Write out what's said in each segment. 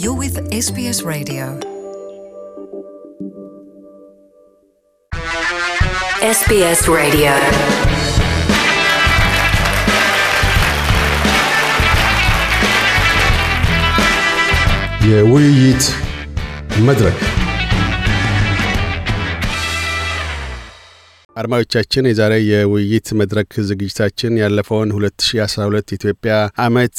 You're with SBS Radio. SBS Radio. Yeah, we eat madrak. አድማጮቻችን የዛሬ የውይይት መድረክ ዝግጅታችን ያለፈውን 2012 ኢትዮጵያ አመት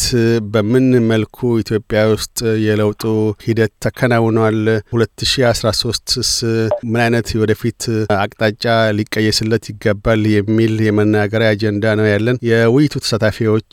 በምን መልኩ ኢትዮጵያ ውስጥ የለውጡ ሂደት ተከናውኗል፣ 2013ስ ምን አይነት ወደፊት አቅጣጫ ሊቀየስለት ይገባል የሚል የመናገሪያ አጀንዳ ነው ያለን። የውይይቱ ተሳታፊዎች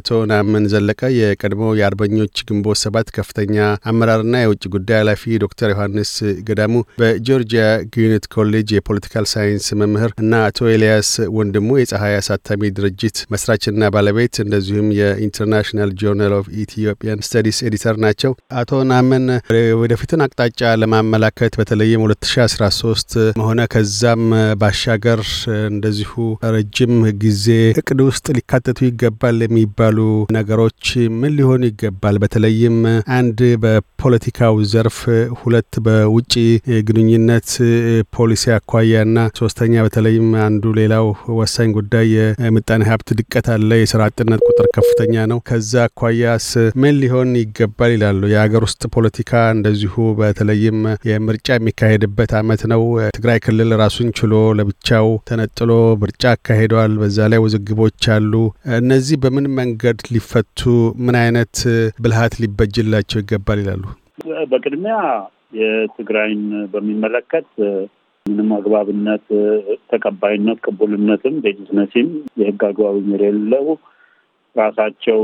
አቶ ናምን ዘለቀ የቀድሞ የአርበኞች ግንቦት ሰባት ከፍተኛ አመራርና የውጭ ጉዳይ ኃላፊ፣ ዶክተር ዮሐንስ ገዳሙ በጆርጂያ ግዩኒት ኮሌጅ የፖለቲካል ሳይንስ መምህር ዶክተር እና አቶ ኤልያስ ወንድሙ የፀሐይ አሳታሚ ድርጅት መስራችና ባለቤት እንደዚሁም የኢንተርናሽናል ጆርናል ኦፍ ኢትዮጵያን ስተዲስ ኤዲተር ናቸው። አቶ ናምን ወደፊትን አቅጣጫ ለማመላከት በተለይም 2013 መሆነ ከዛም ባሻገር እንደዚሁ ረጅም ጊዜ እቅድ ውስጥ ሊካተቱ ይገባል የሚባሉ ነገሮች ምን ሊሆኑ ይገባል? በተለይም አንድ በፖለቲካው ዘርፍ፣ ሁለት በውጭ ግንኙነት ፖሊሲ አኳያ እና ሶስተኛ በተለይም አንዱ ሌላው ወሳኝ ጉዳይ የምጣኔ ሀብት ድቀት አለ። የስራ አጥነት ቁጥር ከፍተኛ ነው። ከዛ አኳያስ ምን ሊሆን ይገባል ይላሉ። የሀገር ውስጥ ፖለቲካ እንደዚሁ በተለይም የምርጫ የሚካሄድበት አመት ነው። ትግራይ ክልል ራሱን ችሎ ለብቻው ተነጥሎ ምርጫ አካሂደዋል። በዛ ላይ ውዝግቦች አሉ። እነዚህ በምን መንገድ ሊፈቱ ምን አይነት ብልሃት ሊበጅላቸው ይገባል ይላሉ። በቅድሚያ የትግራይን በሚመለከት ምንም አግባብነት፣ ተቀባይነት፣ ቅቡልነትም ሌጂትመሲም የህግ አግባብም የሌለው ራሳቸው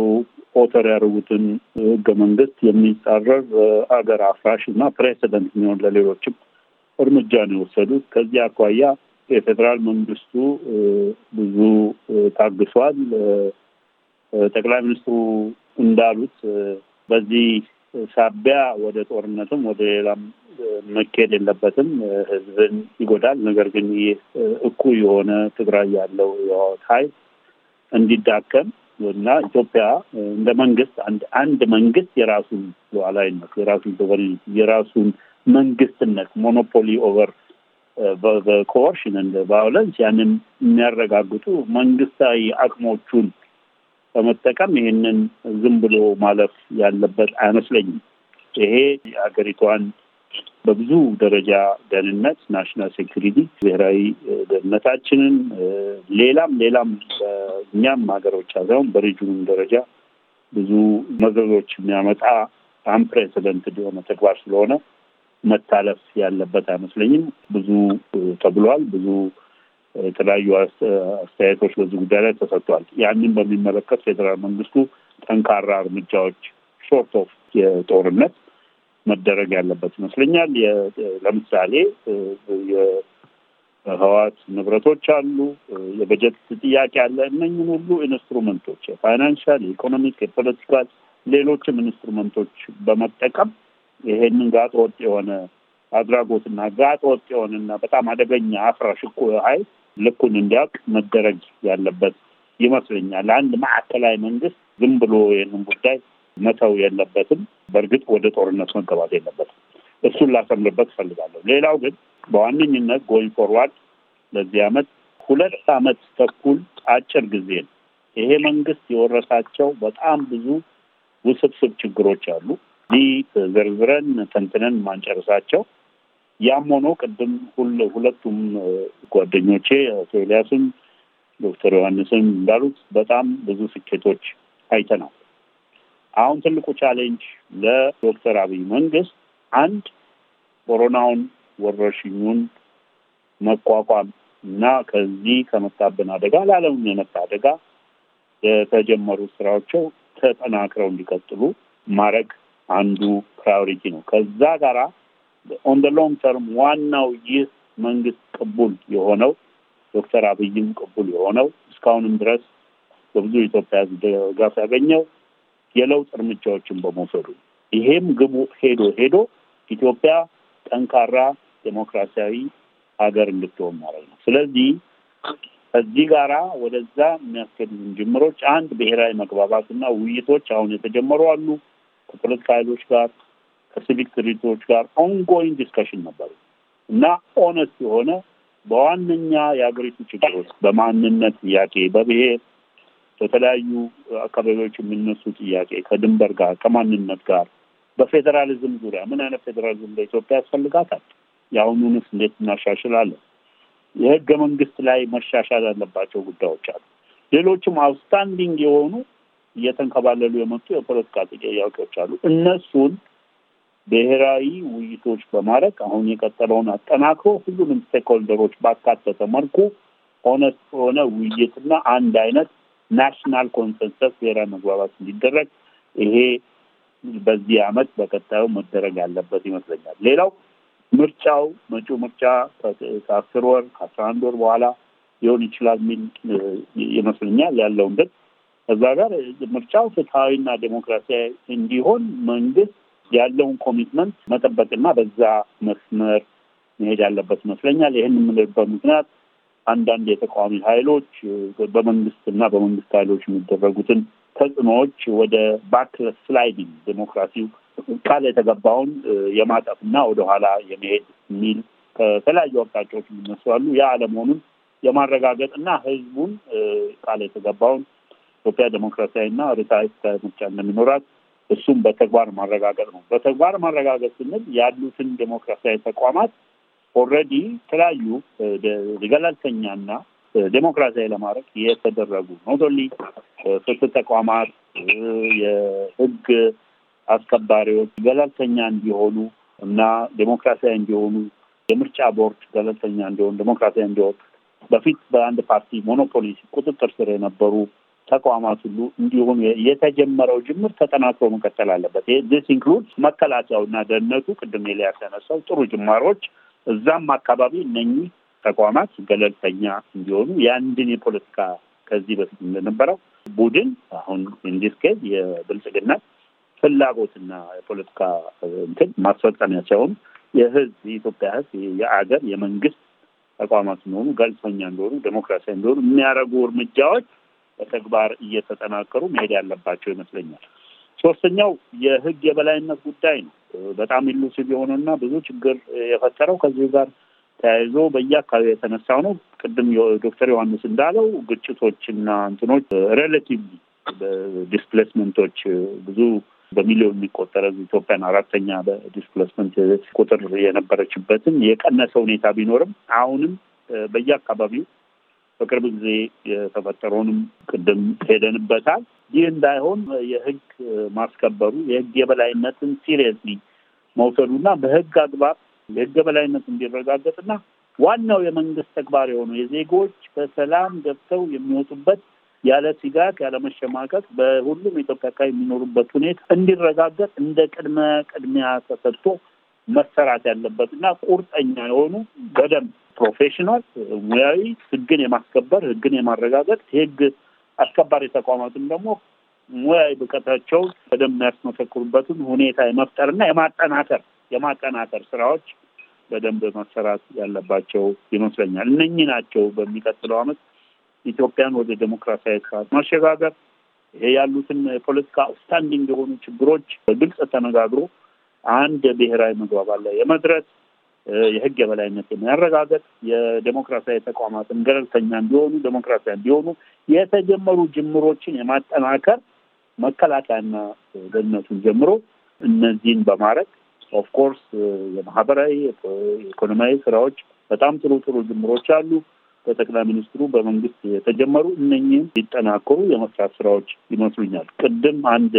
ኦተር ያደርጉትን ህገ መንግስት የሚጻረር አገር አፍራሽ እና ፕሬሲደንት የሚሆን ለሌሎችም እርምጃ ነው የወሰዱት። ከዚህ አኳያ የፌዴራል መንግስቱ ብዙ ታግሷል። ጠቅላይ ሚኒስትሩ እንዳሉት በዚህ ሳቢያ ወደ ጦርነትም ወደ ሌላም መካሄድ የለበትም። ህዝብን ይጎዳል። ነገር ግን ይህ እኩል የሆነ ትግራይ ያለው የህወሓት ኃይል እንዲዳከም እና ኢትዮጵያ እንደ መንግስት አንድ አንድ መንግስት የራሱን ሉዓላዊነት የራሱን ሶቨሬኒቲ የራሱን መንግስትነት ሞኖፖሊ ኦቨር በኮርሽን እንደ ቫዮለንስ ያንን የሚያረጋግጡ መንግስታዊ አቅሞቹን በመጠቀም ይህንን ዝም ብሎ ማለፍ ያለበት አይመስለኝም። ይሄ የሀገሪቷን በብዙ ደረጃ ደህንነት ናሽናል ሴኩሪቲ ብሔራዊ ደህንነታችንን ሌላም ሌላም በእኛም ሀገሮች ብቻ ሳይሆን በሪጅኑም ደረጃ ብዙ መዘዞች የሚያመጣ አንፕሬሲደንት የሆነ ተግባር ስለሆነ መታለፍ ያለበት አይመስለኝም። ብዙ ተብሏል። ብዙ የተለያዩ አስተያየቶች በዚህ ጉዳይ ላይ ተሰጥቷል። ያንን በሚመለከት ፌዴራል መንግስቱ ጠንካራ እርምጃዎች ሾርት ኦፍ የጦርነት መደረግ ያለበት ይመስለኛል። ለምሳሌ የህዋት ንብረቶች አሉ፣ የበጀት ጥያቄ አለ። እነኝን ሁሉ ኢንስትሩመንቶች የፋይናንሻል፣ የኢኮኖሚክ፣ የፖለቲካል ሌሎችም ኢንስትሩመንቶች በመጠቀም ይሄንን ጋጥ ወጥ የሆነ አድራጎትና ጋጥ ወጥ የሆነና በጣም አደገኛ አፍራሽ እኮ ኃይል ልኩን እንዲያውቅ መደረግ ያለበት ይመስለኛል። አንድ ማዕከላዊ መንግስት ዝም ብሎ ይህንን ጉዳይ መተው የለበትም። በእርግጥ ወደ ጦርነት መገባት የለበትም። እሱን ላሰምርበት እፈልጋለሁ። ሌላው ግን በዋነኝነት ጎይን ፎርዋርድ ለዚህ ዓመት ሁለት አመት ተኩል አጭር ጊዜ ነው። ይሄ መንግስት የወረሳቸው በጣም ብዙ ውስብስብ ችግሮች አሉ። እዚህ ዘርዝረን ተንትነን ማንጨርሳቸው ያም ሆኖ ቅድም ሁል ሁለቱም ጓደኞቼ አቶ ኤልያስም ዶክተር ዮሐንስም እንዳሉት በጣም ብዙ ስኬቶች አይተናል። አሁን ትልቁ ቻሌንጅ ለዶክተር አብይ መንግስት አንድ ኮሮናውን ወረርሽኙን መቋቋም እና ከዚህ ከመጣብን አደጋ ለዓለም የመጣ አደጋ የተጀመሩ ስራዎቸው ተጠናክረው እንዲቀጥሉ ማድረግ አንዱ ፕራዮሪቲ ነው። ከዛ ጋራ ኦን ደ ሎንግ ተርም ዋናው ይህ መንግስት ቅቡል የሆነው ዶክተር አብይም ቅቡል የሆነው እስካሁንም ድረስ በብዙ ኢትዮጵያ ድጋፍ ያገኘው የለውጥ እርምጃዎችን በመውሰዱ ይሄም ግቡ ሄዶ ሄዶ ኢትዮጵያ ጠንካራ ዴሞክራሲያዊ ሀገር እንድትሆን ማለት ነው። ስለዚህ ከዚህ ጋራ ወደዛ የሚያስገድዱን ጅምሮች አንድ ብሔራዊ መግባባትና ውይይቶች አሁን የተጀመሩ አሉ። ከፖለቲካ ኃይሎች ጋር፣ ከሲቪክ ድርጅቶች ጋር ኦንጎይንግ ዲስከሽን ነበሩ እና ኦነስት የሆነ በዋነኛ የሀገሪቱ ችግሮች በማንነት ጥያቄ፣ በብሔር በተለያዩ አካባቢዎች የሚነሱ ጥያቄ ከድንበር ጋር ከማንነት ጋር በፌዴራሊዝም ዙሪያ ምን አይነት ፌዴራሊዝም በኢትዮጵያ ያስፈልጋታል? የአሁኑንስ እንዴት እናሻሽላለን? የህገ መንግስት ላይ መሻሻል ያለባቸው ጉዳዮች አሉ። ሌሎችም አውትስታንዲንግ የሆኑ እየተንከባለሉ የመጡ የፖለቲካ ጥያቄዎች አሉ። እነሱን ብሔራዊ ውይይቶች በማድረግ አሁን የቀጠለውን አጠናክሮ ሁሉንም ስቴክሆልደሮች ባካተተ መልኩ ሆነ ሆነ ውይይትና አንድ አይነት ናሽናል ኮንሰንሰስ ብሔራዊ መግባባት እንዲደረግ ይሄ በዚህ አመት በቀጣዩ መደረግ ያለበት ይመስለኛል። ሌላው ምርጫው መጪው ምርጫ ከአስር ወር ከአስራ አንድ ወር በኋላ ሊሆን ይችላል የሚል ይመስለኛል ያለው እንትን ከዛ ጋር ምርጫው ፍትሐዊና ዴሞክራሲያዊ እንዲሆን መንግስት ያለውን ኮሚትመንት መጠበቅና በዛ መስመር መሄድ ያለበት ይመስለኛል። ይህን የምንልበት ምክንያት አንዳንድ የተቃዋሚ ኃይሎች በመንግስት እና በመንግስት ኃይሎች የሚደረጉትን ተጽዕኖዎች ወደ ባክለስ ስላይዲንግ ዴሞክራሲው ቃል የተገባውን የማጠፍና ወደኋላ የመሄድ የሚል ከተለያዩ አቅጣጫዎች የሚነሱ የአለመሆኑን የማረጋገጥ እና ህዝቡን ቃል የተገባውን ኢትዮጵያ ዴሞክራሲያዊና ርታ ምርጫ እንደሚኖራት እሱም በተግባር ማረጋገጥ ነው። በተግባር ማረጋገጥ ስንል ያሉትን ዴሞክራሲያዊ ተቋማት ኦልሬዲ የተለያዩ ገለልተኛና ዴሞክራሲያዊ ለማድረግ የተደረጉ ኖቶሊ ፍትህ ተቋማት የህግ አስከባሪዎች ገለልተኛ እንዲሆኑ እና ዴሞክራሲያዊ እንዲሆኑ የምርጫ ቦርድ ገለልተኛ እንዲሆኑ ዴሞክራሲያዊ እንዲሆን በፊት በአንድ ፓርቲ ሞኖፖሊ ቁጥጥር ስር የነበሩ ተቋማት ሁሉ እንዲሁም የተጀመረው ጅምር ተጠናክሮ መቀጠል አለበት። ዲስ ኢንክሉድ እና ደህንነቱ ቅድም ኤልያስ ያነሳው ጥሩ ጅማሮች እዛም አካባቢ እነኚህ ተቋማት ገለልተኛ እንዲሆኑ የአንድን የፖለቲካ ከዚህ በፊት እንደነበረው ቡድን አሁን እንዲስ ኬዝ የብልጽግና ፍላጎትና የፖለቲካ እንትን ማስፈጸሚያ ሳይሆኑ የህዝብ የኢትዮጵያ ህዝብ የአገር የመንግስት ተቋማት እንደሆኑ ገለልተኛ እንደሆኑ ዴሞክራሲያዊ እንደሆኑ የሚያደርጉ እርምጃዎች በተግባር እየተጠናከሩ መሄድ ያለባቸው ይመስለኛል። ሶስተኛው የህግ የበላይነት ጉዳይ ነው። በጣም ኢሉሲቭ የሆነና ብዙ ችግር የፈጠረው ከዚሁ ጋር ተያይዞ በየአካባቢ የተነሳው ነው። ቅድም ዶክተር ዮሐንስ እንዳለው ግጭቶችና እንትኖች ሬሌቲቭ ዲስፕሌስመንቶች ብዙ በሚሊዮን የሚቆጠረ ኢትዮጵያን አራተኛ በዲስፕሌስመንት ቁጥር የነበረችበትን የቀነሰ ሁኔታ ቢኖርም አሁንም በየአካባቢው በቅርብ ጊዜ የተፈጠረውንም ቅድም ሄደንበታል። ይህ እንዳይሆን የህግ ማስከበሩ የህግ የበላይነትን ሲሪየስሊ መውሰዱና በህግ አግባብ የህግ የበላይነት እንዲረጋገጥና ዋናው የመንግስት ተግባር የሆነው የዜጎች በሰላም ገብተው የሚወጡበት ያለ ስጋት ያለ መሸማቀቅ በሁሉም ኢትዮጵያ አካባቢ የሚኖሩበት ሁኔታ እንዲረጋገጥ እንደ ቅድመ ቅድሚያ ተሰጥቶ መሰራት ያለበት እና ቁርጠኛ የሆኑ በደንብ ፕሮፌሽናል ሙያዊ ህግን የማስከበር ህግን የማረጋገጥ የህግ አስከባሪ ተቋማትም ደግሞ ሙያዊ ብቀታቸው በደንብ የሚያስመሰክሩበትን ሁኔታ የመፍጠርና የማጠናከር የማጠናከር ስራዎች በደንብ መሰራት ያለባቸው ይመስለኛል። እነኚህ ናቸው በሚቀጥለው አመት ኢትዮጵያን ወደ ዴሞክራሲያዊ ስርዓት ማሸጋገር ይሄ ያሉትን የፖለቲካ አውትስታንዲንግ የሆኑ ችግሮች በግልጽ ተነጋግሮ አንድ ብሔራዊ መግባባት ላይ የመድረስ የህግ የበላይነት ያረጋገጥ የዴሞክራሲያዊ ተቋማትን ገለልተኛ እንዲሆኑ ዴሞክራሲያ እንዲሆኑ የተጀመሩ ጅምሮችን የማጠናከር መከላከያና ደህንነቱን ጀምሮ እነዚህን በማድረግ ኦፍኮርስ የማህበራዊ የኢኮኖሚያዊ ስራዎች በጣም ጥሩ ጥሩ ጅምሮች አሉ። በጠቅላይ ሚኒስትሩ በመንግስት የተጀመሩ እነኚህም ሊጠናከሩ የመስራት ስራዎች ይመስሉኛል። ቅድም አንድ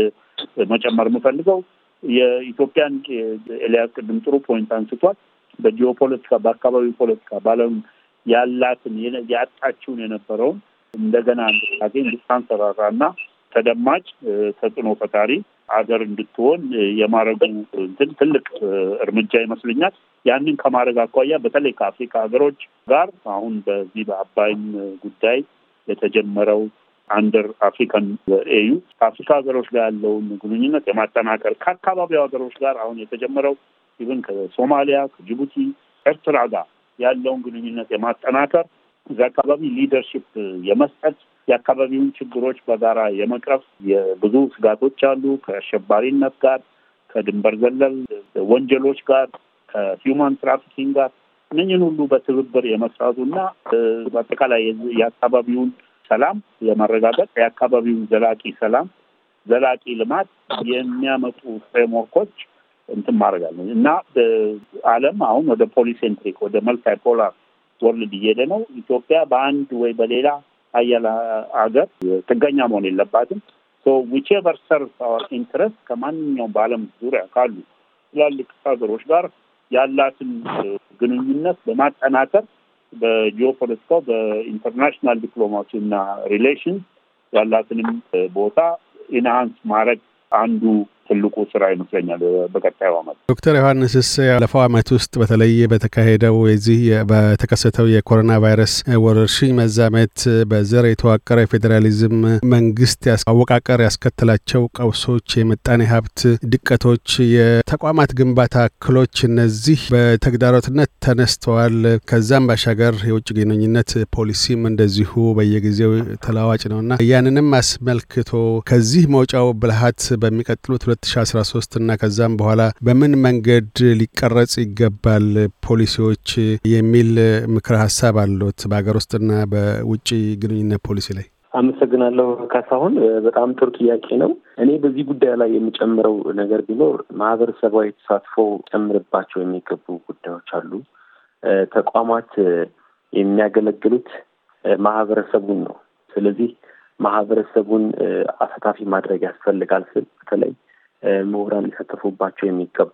መጨመር የምፈልገው የኢትዮጵያን ኤልያስ ቅድም ጥሩ ፖይንት አንስቷል። በጂኦ ፖለቲካ በአካባቢ ፖለቲካ ባለም ያላትን ያጣችውን የነበረውን እንደገና እንድታገኝ እንድታንሰራራ እንድታንሰራራና ተደማጭ ተጽዕኖ ፈጣሪ አገር እንድትሆን የማድረጉ እንትን ትልቅ እርምጃ ይመስለኛል። ያንን ከማድረግ አኳያ በተለይ ከአፍሪካ ሀገሮች ጋር አሁን በዚህ በአባይም ጉዳይ የተጀመረው አንደር አፍሪካን ኤዩ ከአፍሪካ ሀገሮች ጋር ያለውን ግንኙነት የማጠናከር ከአካባቢው ሀገሮች ጋር አሁን የተጀመረው ኢቨን ከሶማሊያ ከጅቡቲ፣ ኤርትራ ጋር ያለውን ግንኙነት የማጠናከር እዚ አካባቢ ሊደርሽፕ የመስጠት የአካባቢውን ችግሮች በጋራ የመቅረፍ የብዙ ስጋቶች አሉ። ከአሸባሪነት ጋር፣ ከድንበር ዘለል ወንጀሎች ጋር፣ ከሂውማን ትራፊኪንግ ጋር እነኝን ሁሉ በትብብር የመስራቱና በአጠቃላይ የአካባቢውን ሰላም የማረጋገጥ የአካባቢውን ዘላቂ ሰላም ዘላቂ ልማት የሚያመጡ ፍሬምወርኮች እንትን ማድረጋለ እና አለም አሁን ወደ ፖሊሴንትሪክ ወደ መልታይ ፖላር ወርልድ እየሄደ ነው። ኢትዮጵያ በአንድ ወይ በሌላ አያል ሀገር ጥገኛ መሆን የለባትም። ዊቼቨር ሰርቭ አወር ኢንትረስት ከማንኛውም በአለም ዙሪያ ካሉ ትላልቅ ሀገሮች ጋር ያላትን ግንኙነት በማጠናከር በጂኦፖለቲካው በኢንተርናሽናል ዲፕሎማሲ እና ሪሌሽን ያላትንም ቦታ ኢንሃንስ ማድረግ አንዱ ትልቁ ስራ ይመስለኛል በቀጣዩ አመት። ዶክተር ዮሐንስስ ያለፈው አመት ውስጥ በተለይ በተካሄደው የዚህ በተከሰተው የኮሮና ቫይረስ ወረርሽኝ መዛመት በዘር የተዋቀረ የፌዴራሊዝም መንግስት አወቃቀር ያስከተላቸው ቀውሶች፣ የምጣኔ ሀብት ድቀቶች፣ የተቋማት ግንባታ እክሎች እነዚህ በተግዳሮትነት ተነስተዋል። ከዛም ባሻገር የውጭ ግንኙነት ፖሊሲም እንደዚሁ በየጊዜው ተለዋጭ ነውና ያንንም አስመልክቶ ከዚህ መውጫው ብልሃት በሚቀጥሉት 2013 እና ከዛም በኋላ በምን መንገድ ሊቀረጽ ይገባል ፖሊሲዎች የሚል ምክረ ሀሳብ አሉት በሀገር ውስጥና በውጭ ግንኙነት ፖሊሲ ላይ? አመሰግናለሁ ካሳሁን፣ በጣም ጥሩ ጥያቄ ነው። እኔ በዚህ ጉዳይ ላይ የሚጨምረው ነገር ቢኖር ማህበረሰባዊ ተሳትፎ ጨምርባቸው የሚገቡ ጉዳዮች አሉ። ተቋማት የሚያገለግሉት ማህበረሰቡን ነው። ስለዚህ ማህበረሰቡን አሳታፊ ማድረግ ያስፈልጋል ስል በተለይ ምሁራን ሊሳተፉባቸው የሚገባ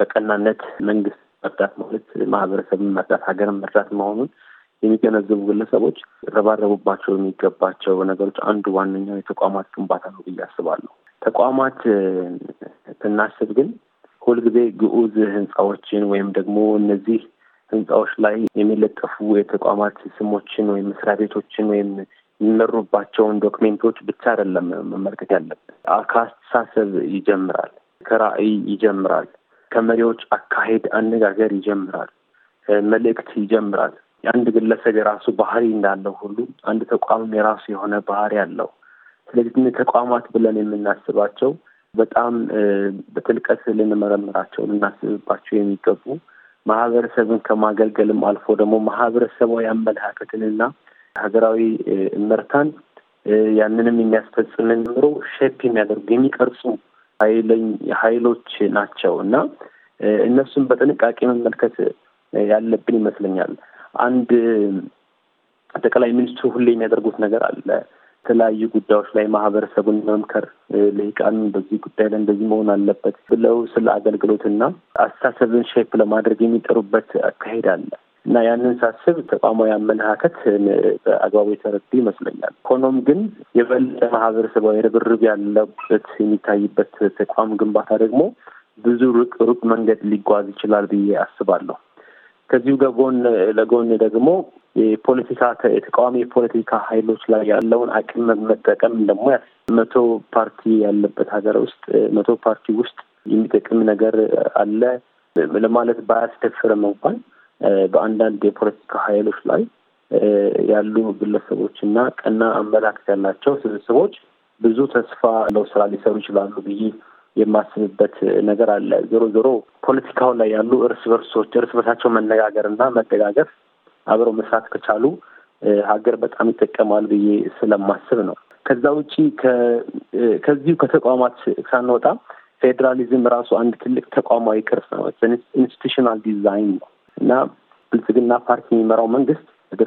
በቀናነት መንግስት መርዳት ማለት ማህበረሰብን መርዳት፣ ሀገርን መርዳት መሆኑን የሚገነዘቡ ግለሰቦች ረባረቡባቸው የሚገባቸው ነገሮች አንዱ ዋነኛው የተቋማት ግንባታ ነው ብዬ አስባለሁ። ተቋማት ስናስብ ግን ሁልጊዜ ግዑዝ ህንፃዎችን ወይም ደግሞ እነዚህ ህንፃዎች ላይ የሚለጠፉ የተቋማት ስሞችን ወይም መስሪያ ቤቶችን ወይም የሚመሩባቸውን ዶክሜንቶች ብቻ አይደለም መመልከት ያለብን። ከአስተሳሰብ ይጀምራል፣ ከራዕይ ይጀምራል፣ ከመሪዎች አካሄድ አነጋገር ይጀምራል፣ መልእክት ይጀምራል። አንድ ግለሰብ የራሱ ባህሪ እንዳለው ሁሉ አንድ ተቋምም የራሱ የሆነ ባህሪ አለው። ስለዚህ ተቋማት ብለን የምናስባቸው በጣም በጥልቀት ልንመረምራቸው ልናስብባቸው የሚገቡ ማህበረሰብን ከማገልገልም አልፎ ደግሞ ማህበረሰባዊ አመለካከትንና ሀገራዊ እመርታን ያንንም የሚያስፈጽምን ጀምሮ ሼፕ የሚያደርጉ የሚቀርጹ ሀይለኝ ሀይሎች ናቸው እና እነሱን በጥንቃቄ መመልከት ያለብን ይመስለኛል። አንድ ጠቅላይ ሚኒስትሩ ሁሌ የሚያደርጉት ነገር አለ። የተለያዩ ጉዳዮች ላይ ማህበረሰቡን መምከር፣ ልሂቃን በዚህ ጉዳይ ላይ እንደዚህ መሆን አለበት ብለው ስለ አገልግሎትና አስተሳሰብን ሼፕ ለማድረግ የሚጠሩበት አካሄድ አለ። እና ያንን ሳስብ ተቋማዊ አመለካከት በአግባቡ የተረዱ ይመስለኛል። ሆኖም ግን የበለጠ ማህበረሰባዊ ርብርብ ያለበት የሚታይበት ተቋም ግንባታ ደግሞ ብዙ ሩቅ ሩቅ መንገድ ሊጓዝ ይችላል ብዬ አስባለሁ። ከዚሁ ከጎን ለጎን ደግሞ የፖለቲካ የተቃዋሚ የፖለቲካ ኃይሎች ላይ ያለውን አቅም መጠቀም ደግሞ መቶ ፓርቲ ያለበት ሀገር ውስጥ መቶ ፓርቲ ውስጥ የሚጠቅም ነገር አለ ለማለት ባያስደፍርም እንኳን በአንዳንድ የፖለቲካ ኃይሎች ላይ ያሉ ግለሰቦች እና ቀና አመላከት ያላቸው ስብስቦች ብዙ ተስፋ ያለው ስራ ሊሰሩ ይችላሉ ብዬ የማስብበት ነገር አለ። ዞሮ ዞሮ ፖለቲካው ላይ ያሉ እርስ በርሶች እርስ በርሳቸው መነጋገር እና መደጋገፍ አብረው መስራት ከቻሉ ሀገር በጣም ይጠቀማል ብዬ ስለማስብ ነው። ከዛ ውጪ ከዚሁ ከተቋማት ሳንወጣ ፌዴራሊዝም ራሱ አንድ ትልቅ ተቋማዊ ቅርጽ ነው። ኢንስቲቱሽናል ዲዛይን ነው። እና ብልጽግና ፓርቲ የሚመራው መንግስት ወደ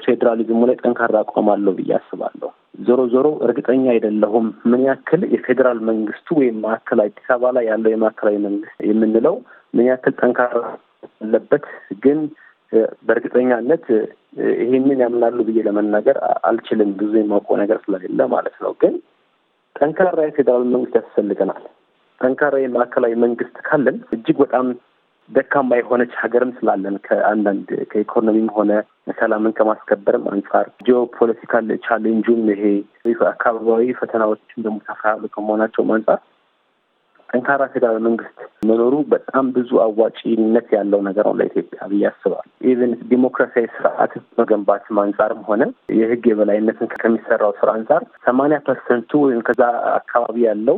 ላይ ጠንካራ አቋም አለው ብዬ አስባለሁ። ዞሮ ዞሮ እርግጠኛ አይደለሁም ምን ያክል የፌዴራል መንግስቱ ወይም ማዕከል አዲስ አበባ ላይ ያለው የማዕከላዊ መንግስት የምንለው ምን ያክል ጠንካራ አለበት። ግን በእርግጠኛነት ይሄንን ያምናሉ ብዬ ለመናገር አልችልም፣ ብዙ የማውቀው ነገር ስለሌለ ማለት ነው። ግን ጠንካራ የፌዴራል መንግስት ያስፈልገናል። ጠንካራ የማዕከላዊ መንግስት ካለን እጅግ በጣም ደካማ የሆነች ሀገርም ስላለን ከአንዳንድ ከኢኮኖሚም ሆነ ሰላምን ከማስከበርም አንጻር ጂኦፖለቲካል ቻሌንጁም ይሄ አካባቢያዊ ፈተናዎችም ደግሞ ሰፋ ያሉ ከመሆናቸውም አንጻር ጠንካራ ፌዴራል መንግስት መኖሩ በጣም ብዙ አዋጪነት ያለው ነገር ነው ለኢትዮጵያ ብዬ አስባለሁ። ኢቨን ዲሞክራሲያዊ ስርዓት መገንባት አንጻርም ሆነ የህግ የበላይነትን ከሚሰራው ስራ አንጻር ሰማንያ ፐርሰንቱ ወይም ከዛ አካባቢ ያለው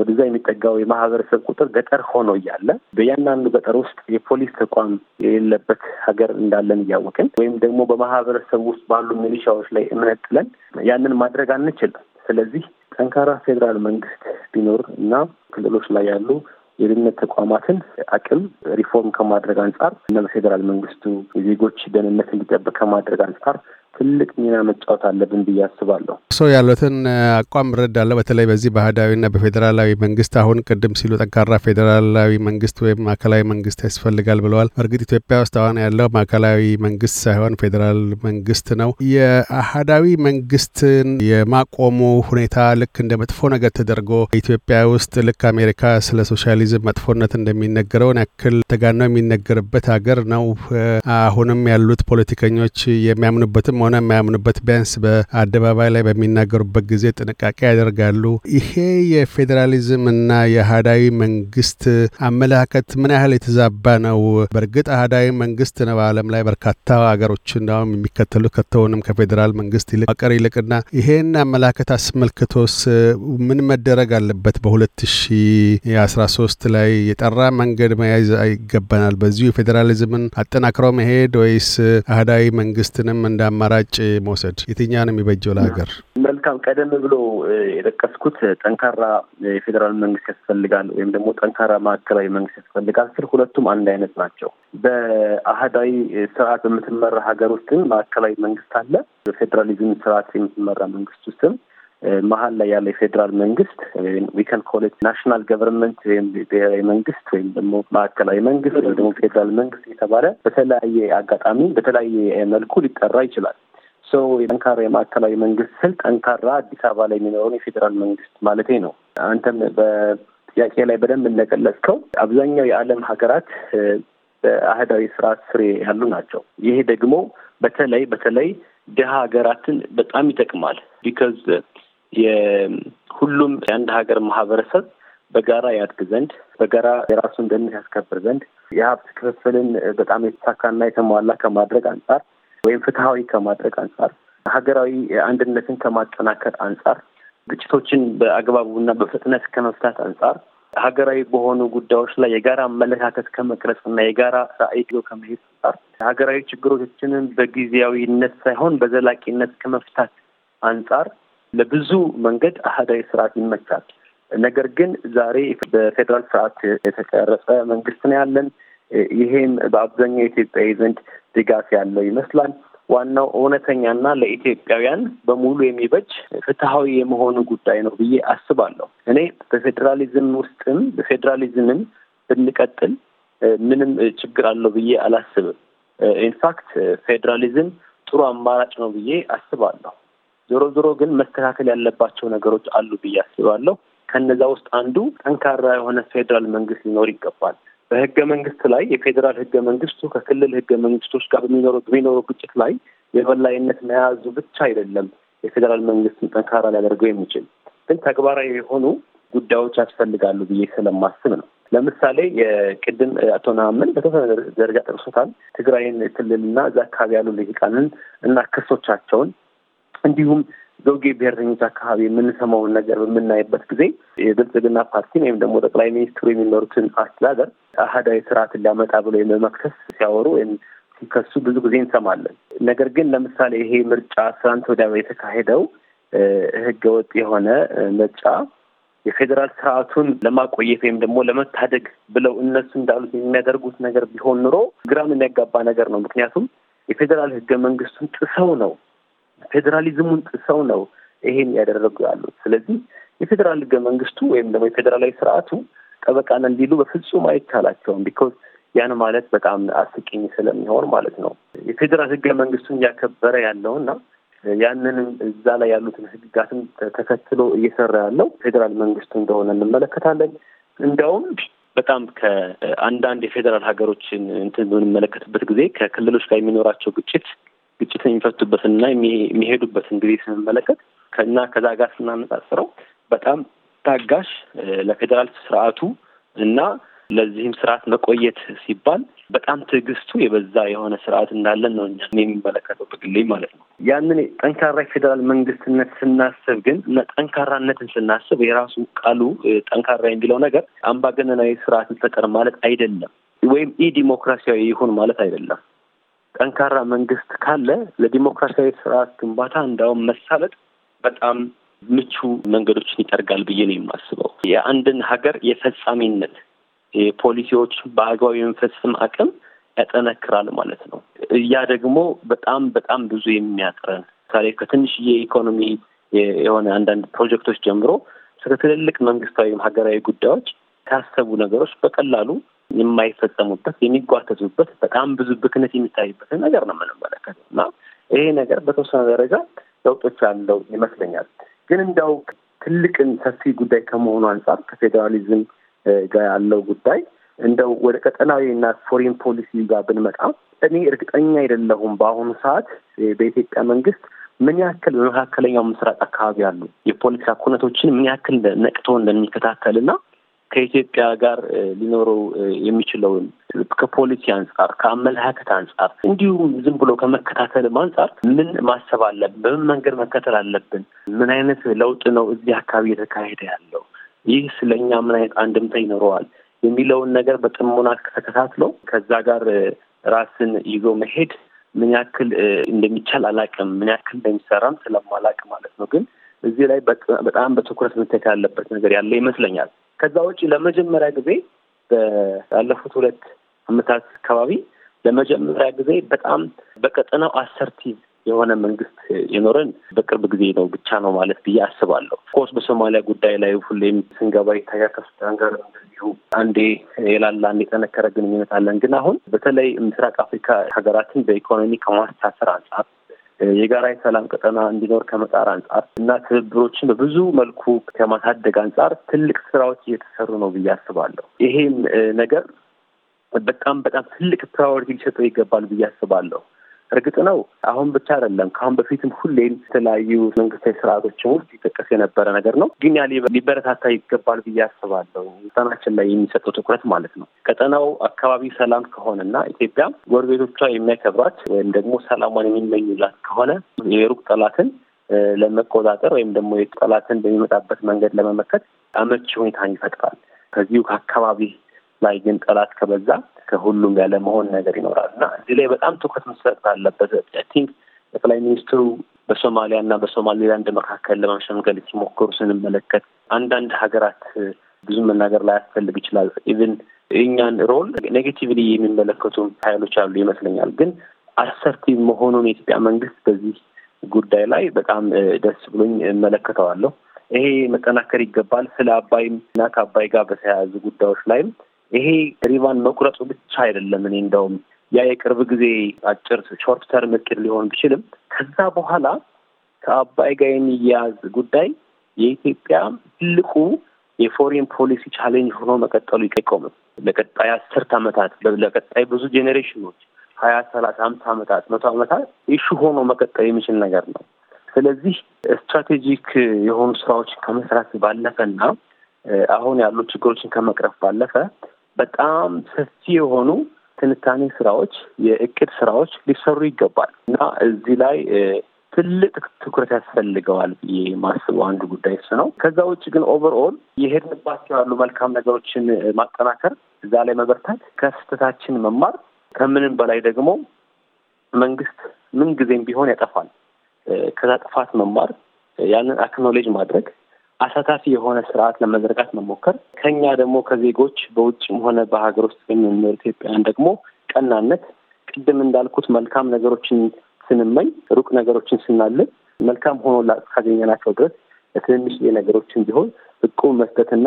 ወደዛ የሚጠጋው የማህበረሰብ ቁጥር ገጠር ሆኖ እያለ በያንዳንዱ ገጠር ውስጥ የፖሊስ ተቋም የሌለበት ሀገር እንዳለን እያወቅን ወይም ደግሞ በማህበረሰብ ውስጥ ባሉ ሚሊሻዎች ላይ እምነት ጥለን ያንን ማድረግ አንችልም። ስለዚህ ጠንካራ ፌዴራል መንግስት ቢኖር እና ክልሎች ላይ ያሉ የደህንነት ተቋማትን አቅም ሪፎርም ከማድረግ አንጻር እና በፌዴራል መንግስቱ የዜጎች ደህንነት እንዲጠበቅ ከማድረግ አንጻር ትልቅ ሚና መጫወት አለብን ብዬ አስባለሁ። እርስዎ ያሉትን አቋም እረዳለሁ። በተለይ በዚህ በአህዳዊና በፌዴራላዊ መንግስት አሁን ቅድም ሲሉ ጠንካራ ፌዴራላዊ መንግስት ወይም ማዕከላዊ መንግስት ያስፈልጋል ብለዋል። በእርግጥ ኢትዮጵያ ውስጥ አሁን ያለው ማዕከላዊ መንግስት ሳይሆን ፌዴራል መንግስት ነው። የአህዳዊ መንግስትን የማቆሙ ሁኔታ ልክ እንደ መጥፎ ነገር ተደርጎ ኢትዮጵያ ውስጥ ልክ አሜሪካ ስለ ሶሻሊዝም መጥፎነት እንደሚነገረውን ያክል ተጋኖ የሚነገርበት ሀገር ነው። አሁንም ያሉት ፖለቲከኞች የሚያምኑበትም ሆነ የማያምኑበት ቢያንስ በአደባባይ ላይ በሚናገሩበት ጊዜ ጥንቃቄ ያደርጋሉ። ይሄ የፌዴራሊዝም እና የአህዳዊ መንግስት አመለካከት ምን ያህል የተዛባ ነው? በእርግጥ አህዳዊ መንግስት ነው በዓለም ላይ በርካታ ሀገሮች እንዳውም የሚከተሉት ከተውንም ከፌዴራል መንግስት ይልቅ አቀር ይልቅና ይሄን አመለካከት አስመልክቶስ ምን መደረግ አለበት? በ2013 ላይ የጠራ መንገድ መያዝ ይገባናል። በዚሁ የፌዴራሊዝምን አጠናክረው መሄድ ወይስ አህዳዊ መንግስትንም እንዳማራ አማራጭ መውሰድ የትኛ ነው የሚበጀው ለሀገር? መልካም ቀደም ብሎ የጠቀስኩት ጠንካራ የፌዴራል መንግስት ያስፈልጋል ወይም ደግሞ ጠንካራ ማዕከላዊ መንግስት ያስፈልጋል ስል ሁለቱም አንድ አይነት ናቸው። በአህዳዊ ስርዓት በምትመራ ሀገር ውስጥም ማዕከላዊ መንግስት አለ። በፌዴራሊዝም ስርዓት የምትመራ መንግስት ውስጥም መሀል ላይ ያለ የፌዴራል መንግስት ዊከን ኮሌጅ ናሽናል ገቨርንመንት ወይም ብሔራዊ መንግስት ወይም ደግሞ ማዕከላዊ መንግስት ወይም ደግሞ ፌዴራል መንግስት የተባለ በተለያየ አጋጣሚ በተለያየ መልኩ ሊጠራ ይችላል። ሰው ጠንካራ የማዕከላዊ መንግስት ስል ጠንካራ አዲስ አበባ ላይ የሚኖረውን የፌዴራል መንግስት ማለቴ ነው። አንተም በጥያቄ ላይ በደንብ እንደገለጽከው አብዛኛው የዓለም ሀገራት በአህዳዊ ስርዓት ስር ያሉ ናቸው። ይሄ ደግሞ በተለይ በተለይ ድሀ ሀገራትን በጣም ይጠቅማል ቢካዝ የሁሉም የአንድ ሀገር ማህበረሰብ በጋራ ያድግ ዘንድ በጋራ የራሱን ደህንነት ያስከብር ዘንድ የሀብት ክፍፍልን በጣም የተሳካና የተሟላ ከማድረግ አንጻር ወይም ፍትሀዊ ከማድረግ አንጻር ሀገራዊ አንድነትን ከማጠናከር አንጻር ግጭቶችን በአግባቡና በፍጥነት ከመፍታት አንጻር ሀገራዊ በሆኑ ጉዳዮች ላይ የጋራ አመለካከት ከመቅረጽ እና የጋራ ራዕይ ይዞ ከመሄድ አንጻር ሀገራዊ ችግሮችንም በጊዜያዊነት ሳይሆን በዘላቂነት ከመፍታት አንጻር ለብዙ መንገድ አህዳዊ ስርዓት ይመቻል። ነገር ግን ዛሬ በፌዴራል ስርዓት የተቀረጸ መንግስት ነው ያለን። ይሄም በአብዛኛው ኢትዮጵያዊ ዘንድ ድጋፍ ያለው ይመስላል። ዋናው እውነተኛና ለኢትዮጵያውያን በሙሉ የሚበጅ ፍትሐዊ የመሆኑ ጉዳይ ነው ብዬ አስባለሁ። እኔ በፌዴራሊዝም ውስጥም በፌዴራሊዝምም ብንቀጥል ምንም ችግር አለው ብዬ አላስብም። ኢንፋክት ፌዴራሊዝም ጥሩ አማራጭ ነው ብዬ አስባለሁ። ዞሮ ዞሮ ግን መስተካከል ያለባቸው ነገሮች አሉ ብዬ አስባለሁ። ከነዛ ውስጥ አንዱ ጠንካራ የሆነ ፌዴራል መንግስት ሊኖር ይገባል። በህገ መንግስት ላይ የፌዴራል ህገ መንግስቱ ከክልል ህገ መንግስቶች ጋር በሚኖረው ግጭት ላይ የበላይነት መያዙ ብቻ አይደለም የፌዴራል መንግስትን ጠንካራ ሊያደርገው የሚችል ግን ተግባራዊ የሆኑ ጉዳዮች ያስፈልጋሉ ብዬ ስለማስብ ነው። ለምሳሌ የቅድም አቶ ናምን በተወሰነ ደረጃ ጠቅሶታል። ትግራይን ክልልና እዛ አካባቢ ያሉ ልሂቃንን እና ክሶቻቸውን እንዲሁም ዘውጌ ብሔርተኞች አካባቢ የምንሰማውን ነገር በምናይበት ጊዜ የብልጽግና ፓርቲን ወይም ደግሞ ጠቅላይ ሚኒስትሩ የሚመሩትን አስተዳደር አህዳዊ ስርዓትን ሊያመጣ ብሎ የመመክሰስ ሲያወሩ ወይም ሲከሱ ብዙ ጊዜ እንሰማለን። ነገር ግን ለምሳሌ ይሄ ምርጫ ትናንት ወዲያ የተካሄደው ህገወጥ የሆነ ምርጫ የፌዴራል ስርዓቱን ለማቆየት ወይም ደግሞ ለመታደግ ብለው እነሱ እንዳሉት የሚያደርጉት ነገር ቢሆን ኑሮ ግራም የሚያጋባ ነገር ነው። ምክንያቱም የፌዴራል ህገ መንግስቱን ጥሰው ነው ፌዴራሊዝሙን ጥሰው ነው ይሄን ያደረጉ ያሉት። ስለዚህ የፌዴራል ህገ መንግስቱ ወይም ደግሞ የፌዴራላዊ ስርዓቱ ጠበቃን እንዲሉ በፍጹም አይቻላቸውም። ቢኮዝ ያን ማለት በጣም አስቂኝ ስለሚሆን ማለት ነው። የፌዴራል ህገ መንግስቱን እያከበረ እና ያንንም እዛ ላይ ያሉትን ህግጋትም ተከትሎ እየሰራ ያለው ፌዴራል መንግስቱ እንደሆነ እንመለከታለን። እንደውም በጣም ከአንዳንድ የፌዴራል ሀገሮችን እንትን በምንመለከትበት ጊዜ ከክልሎች ጋር የሚኖራቸው ግጭት ግጭትን የሚፈቱበትንና የሚሄዱበትን ጊዜ ስንመለከት ከና ከዛ ጋር ስናነጻጽረው በጣም ታጋሽ ለፌዴራል ስርዓቱ እና ለዚህም ስርዓት መቆየት ሲባል በጣም ትዕግስቱ የበዛ የሆነ ስርዓት እንዳለን ነው እኛ የሚመለከተው በግሌ ማለት ነው። ያንን ጠንካራ የፌዴራል መንግስትነት ስናስብ ግን እና ጠንካራነትን ስናስብ የራሱ ቃሉ ጠንካራ የሚለው ነገር አምባገነናዊ ስርዓትን ፍጠር ማለት አይደለም፣ ወይም ኢ ዲሞክራሲያዊ ይሁን ማለት አይደለም። ጠንካራ መንግስት ካለ ለዲሞክራሲያዊ ስርዓት ግንባታ እንዳውም መሳለጥ በጣም ምቹ መንገዶችን ይጠርጋል ብዬ ነው የማስበው። የአንድን ሀገር የፈጻሚነት ፖሊሲዎች በአግባብ የመፈጸም አቅም ያጠነክራል ማለት ነው። ያ ደግሞ በጣም በጣም ብዙ የሚያጥረን ምሳሌ ከትንሽ ኢኮኖሚ የሆነ አንዳንድ ፕሮጀክቶች ጀምሮ እስከ ትልልቅ መንግስታዊም ሀገራዊ ጉዳዮች የታሰቡ ነገሮች በቀላሉ የማይፈጸሙበት የሚጓተቱበት በጣም ብዙ ብክነት የሚታይበት ነገር ነው የምንመለከት እና ይሄ ነገር በተወሰነ ደረጃ ለውጦች ያለው ይመስለኛል። ግን እንዲያው ትልቅን ሰፊ ጉዳይ ከመሆኑ አንጻር ከፌዴራሊዝም ጋር ያለው ጉዳይ እንደው ወደ ቀጠናዊ እና ፎሬን ፖሊሲ ጋር ብንመጣ እኔ እርግጠኛ አይደለሁም በአሁኑ ሰዓት በኢትዮጵያ መንግስት ምን ያክል በመካከለኛው ምስራቅ አካባቢ ያሉ የፖለቲካ ኩነቶችን ምን ያክል ነቅቶ እንደሚከታተልና ከኢትዮጵያ ጋር ሊኖረው የሚችለውን ከፖሊሲ አንጻር ከአመለካከት አንጻር እንዲሁም ዝም ብሎ ከመከታተልም አንጻር ምን ማሰብ አለብን? በምን መንገድ መከተል አለብን? ምን አይነት ለውጥ ነው እዚህ አካባቢ እየተካሄደ ያለው? ይህ ስለ እኛ ምን አይነት አንድምታ ይኖረዋል? የሚለውን ነገር በጥሞና ተከታትሎ ከዛ ጋር ራስን ይዞ መሄድ ምን ያክል እንደሚቻል አላቅም፣ ምን ያክል እንደሚሰራም ስለማላቅ ማለት ነው። ግን እዚህ ላይ በጣም በትኩረት መታየት ያለበት ነገር ያለ ይመስለኛል። ከዛ ውጭ ለመጀመሪያ ጊዜ ባለፉት ሁለት ዓመታት አካባቢ ለመጀመሪያ ጊዜ በጣም በቀጠናው አሰርቲቭ የሆነ መንግስት የኖረን በቅርብ ጊዜ ነው ብቻ ነው ማለት ብዬ አስባለሁ። ኮርስ በሶማሊያ ጉዳይ ላይ ሁሌም ስንገባ ይታያል። ከሱዳን ጋር እንደዚሁ አንዴ የላላ አንዴ የጠነከረ ግንኙነት አለን። ግን አሁን በተለይ ምስራቅ አፍሪካ ሀገራትን በኢኮኖሚ ከማስተሳሰር አንጻር የጋራ የሰላም ቀጠና እንዲኖር ከመጣር አንጻር እና ትብብሮችን በብዙ መልኩ ከማሳደግ አንጻር ትልቅ ስራዎች እየተሰሩ ነው ብዬ አስባለሁ። ይሄም ነገር በጣም በጣም ትልቅ ፕራዮሪቲ ሊሰጠው ይገባል ብዬ አስባለሁ። እርግጥ ነው አሁን ብቻ አይደለም፣ ከአሁን በፊትም ሁሌም የተለያዩ መንግስታዊ ስርዓቶችን ውስጥ ይጠቀስ የነበረ ነገር ነው። ግን ያ ሊበረታታ ይገባል ብዬ አስባለሁ። ቀጠናችን ላይ የሚሰጠው ትኩረት ማለት ነው። ቀጠናው አካባቢ ሰላም ከሆነና ኢትዮጵያ ጎረቤቶቿ የሚያከብራት ወይም ደግሞ ሰላሟን የሚመኙላት ከሆነ የሩቅ ጠላትን ለመቆጣጠር ወይም ደግሞ ጠላትን በሚመጣበት መንገድ ለመመከት አመቺ ሁኔታን ይፈጥራል። ከዚሁ ከአካባቢ ላይ ግን ጠላት ከበዛ ከሁሉም ያለ መሆን ነገር ይኖራል እና እዚህ ላይ በጣም ትኩረት መሰጠት አለበት። አይ ቲንክ ጠቅላይ ሚኒስትሩ በሶማሊያ እና በሶማሌላንድ መካከል ለመሸምገል ሲሞክሩ ስንመለከት አንዳንድ ሀገራት ብዙ መናገር ላይ ያስፈልግ ይችላል። ኢቭን እኛን ሮል ኔጌቲቭሊ የሚመለከቱ ሀይሎች አሉ ይመስለኛል። ግን አሰርቲቭ መሆኑን የኢትዮጵያ መንግስት በዚህ ጉዳይ ላይ በጣም ደስ ብሎኝ እመለከተዋለሁ። ይሄ መጠናከር ይገባል። ስለ አባይም እና ከአባይ ጋር በተያያዙ ጉዳዮች ላይም ይሄ ሪባን መቁረጡ ብቻ አይደለም። እኔ እንደውም ያ የቅርብ ጊዜ አጭር ሾርት ተርም እቅድ ሊሆን ቢችልም ከዛ በኋላ ከአባይ ጋር የሚያያዝ ጉዳይ የኢትዮጵያ ትልቁ የፎሬን ፖሊሲ ቻሌንጅ ሆኖ መቀጠሉ አይቆምም። ለቀጣይ አስርት ዓመታት ለቀጣይ ብዙ ጄኔሬሽኖች ሀያ ሰላሳ አምስት ዓመታት መቶ ዓመታት ኢሹ ሆኖ መቀጠል የሚችል ነገር ነው። ስለዚህ ስትራቴጂክ የሆኑ ስራዎችን ከመስራት ባለፈ እና አሁን ያሉ ችግሮችን ከመቅረፍ ባለፈ በጣም ሰፊ የሆኑ ትንታኔ ስራዎች፣ የእቅድ ስራዎች ሊሰሩ ይገባል እና እዚህ ላይ ትልቅ ትኩረት ያስፈልገዋል ብዬ ማስበው አንድ ጉዳይ እሱ ነው። ከዛ ውጭ ግን ኦቨርኦል የሄድንባቸው ያሉ መልካም ነገሮችን ማጠናከር፣ እዛ ላይ መበርታት፣ ከስህተታችን መማር፣ ከምንም በላይ ደግሞ መንግስት ምን ጊዜም ቢሆን ያጠፋል። ከዛ ጥፋት መማር፣ ያንን አክኖሌጅ ማድረግ አሳታፊ የሆነ ስርዓት ለመዘርጋት መሞከር ከኛ ደግሞ ከዜጎች በውጭም ሆነ በሀገር ውስጥ የሚኖሩ ኢትዮጵያውያን ደግሞ ቀናነት፣ ቅድም እንዳልኩት መልካም ነገሮችን ስንመኝ፣ ሩቅ ነገሮችን ስናልን፣ መልካም ሆኖ ካገኘናቸው ድረስ ለትንንሽ ነገሮችን ቢሆን እቁብ መስጠትና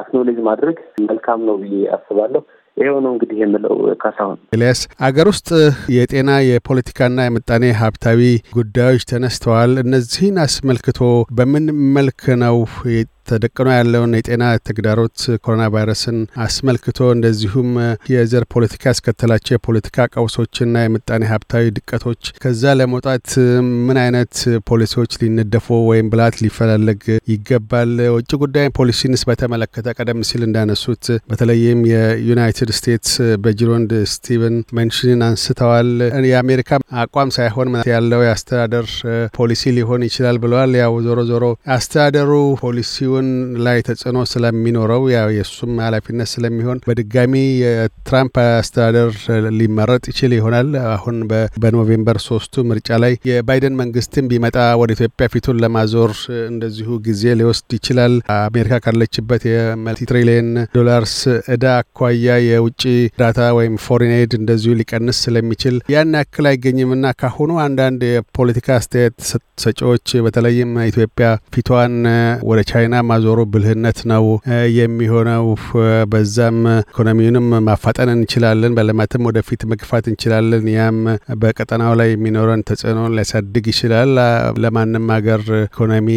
አክኖሌጅ ማድረግ መልካም ነው ብዬ አስባለሁ። ይኸው ነው እንግዲህ የምለው ካሳሁን። ኤልያስ፣ አገር ውስጥ የጤና የፖለቲካና የምጣኔ ሀብታዊ ጉዳዮች ተነስተዋል። እነዚህን አስመልክቶ በምን መልክ ነው ተደቅኖ ያለውን የጤና ተግዳሮት ኮሮና ቫይረስን አስመልክቶ እንደዚሁም የዘር ፖለቲካ ያስከተላቸው የፖለቲካ ቀውሶችና የምጣኔ ሀብታዊ ድቀቶች ከዛ ለመውጣት ምን አይነት ፖሊሲዎች ሊነደፉ ወይም ብልሃት ሊፈላለግ ይገባል? ውጭ ጉዳይ ፖሊሲንስ በተመለከተ ቀደም ሲል እንዳነሱት በተለይም የዩናይትድ ስቴትስ በጅሮንድ ስቲቨን መንሽንን አንስተዋል። የአሜሪካ አቋም ሳይሆን ያለው የአስተዳደር ፖሊሲ ሊሆን ይችላል ብለዋል። ያው ዞሮ ዞሮ አስተዳደሩ ፖሊሲው መሪውን ላይ ተጽዕኖ ስለሚኖረው ያው የእሱም ኃላፊነት ስለሚሆን በድጋሚ የትራምፕ አስተዳደር ሊመረጥ ይችል ይሆናል። አሁን በኖቬምበር ሶስቱ ምርጫ ላይ የባይደን መንግስትም ቢመጣ ወደ ኢትዮጵያ ፊቱን ለማዞር እንደዚሁ ጊዜ ሊወስድ ይችላል። አሜሪካ ካለችበት የመልቲ ትሪሊየን ዶላርስ እዳ አኳያ የውጭ እርዳታ ወይም ፎሪን ኤድ እንደዚሁ ሊቀንስ ስለሚችል ያን ያክል እና ካሁኑ አንዳንድ የፖለቲካ አስተያየት ሰጪዎች በተለይም ኢትዮጵያ ፊቷን ወደ ቻይና ማዞሩ ብልህነት ነው የሚሆነው። በዛም ኢኮኖሚውንም ማፋጠን እንችላለን፣ በልማትም ወደፊት መግፋት እንችላለን። ያም በቀጠናው ላይ የሚኖረን ተጽዕኖ ሊያሳድግ ይችላል። ለማንም ሀገር ኢኮኖሚ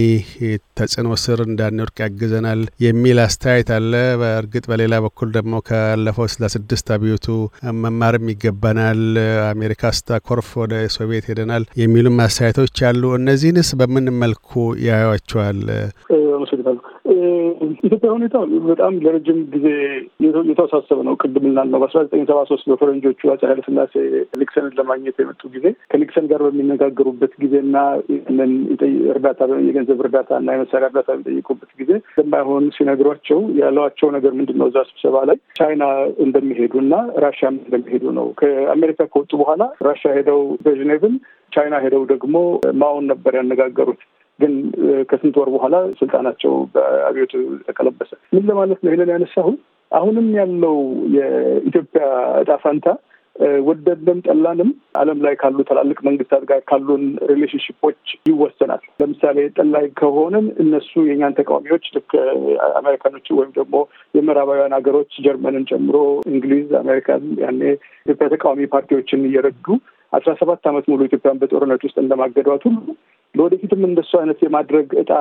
ተጽዕኖ ስር እንዳንወድቅ ያግዘናል የሚል አስተያየት አለ። በእርግጥ በሌላ በኩል ደግሞ ካለፈው ስልሳ ስድስት አብዮቱ መማርም ይገባናል፣ አሜሪካ ስታኮርፍ ወደ ሶቪየት ሄደናል የሚሉም አስተያየቶች አሉ። እነዚህንስ በምን መልኩ ያዩቸዋል። አመሰግናለሁ። ኢትዮጵያ ሁኔታ በጣም ለረጅም ጊዜ የተወሳሰበ ነው። ቅድም እንዳልነው በአስራ ዘጠኝ ሰባ ሶስት በፈረንጆቹ አፄ ኃይለስላሴ ኒክሰንን ለማግኘት የመጡ ጊዜ ከኒክሰን ጋር በሚነጋገሩበት ጊዜና እርዳታ የገንዘብ እርዳታ እና የመሳሪያ እርዳታ የሚጠይቁበት ጊዜ እንደማይሆን ሲነግሯቸው ያለዋቸው ነገር ምንድን ነው? እዛ ስብሰባ ላይ ቻይና እንደሚሄዱ እና ራሽያም እንደሚሄዱ ነው። ከአሜሪካ ከወጡ በኋላ ራሽያ ሄደው ብሬዥኔቭን ቻይና ሄደው ደግሞ ማውን ነበር ያነጋገሩት። ግን ከስንት ወር በኋላ ስልጣናቸው በአብዮት ተቀለበሰ። ምን ለማለት ነው ይሄንን ያነሳሁ? አሁንም ያለው የኢትዮጵያ እጣ ፈንታ ወደድንም ጠላንም ዓለም ላይ ካሉ ትላልቅ መንግስታት ጋር ካሉን ሪሌሽንሽፖች ይወሰናል። ለምሳሌ ጠላይ ከሆንን እነሱ የእኛን ተቃዋሚዎች ልክ አሜሪካኖች ወይም ደግሞ የምዕራባውያን ሀገሮች ጀርመንን ጨምሮ እንግሊዝ፣ አሜሪካን ያኔ ኢትዮጵያ ተቃዋሚ ፓርቲዎችን እየረዱ አስራ ሰባት ዓመት ሙሉ ኢትዮጵያን በጦርነት ውስጥ እንደማገዷት ሁሉ ለወደፊትም እንደሱ አይነት የማድረግ እጣ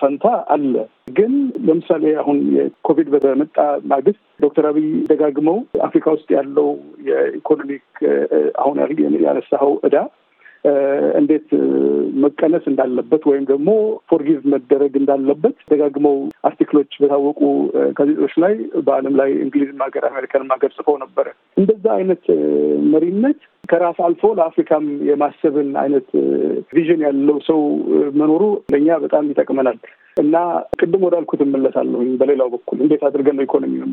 ፈንታ አለ። ግን ለምሳሌ አሁን የኮቪድ በመጣ ማግስት ዶክተር አብይ ደጋግመው አፍሪካ ውስጥ ያለው የኢኮኖሚክ አሁን ያነሳኸው እዳ እንዴት መቀነስ እንዳለበት ወይም ደግሞ ፎርጊቭ መደረግ እንዳለበት ደጋግመው አርቲክሎች በታወቁ ጋዜጦች ላይ በዓለም ላይ እንግሊዝም ሀገር አሜሪካንም ሀገር ጽፈው ነበረ። እንደዛ አይነት መሪነት ከራስ አልፎ ለአፍሪካም የማሰብን አይነት ቪዥን ያለው ሰው መኖሩ ለእኛ በጣም ይጠቅመናል። እና ቅድም ወዳልኩት እመለሳለሁኝ። በሌላው በኩል እንዴት አድርገን ነው ኢኮኖሚውን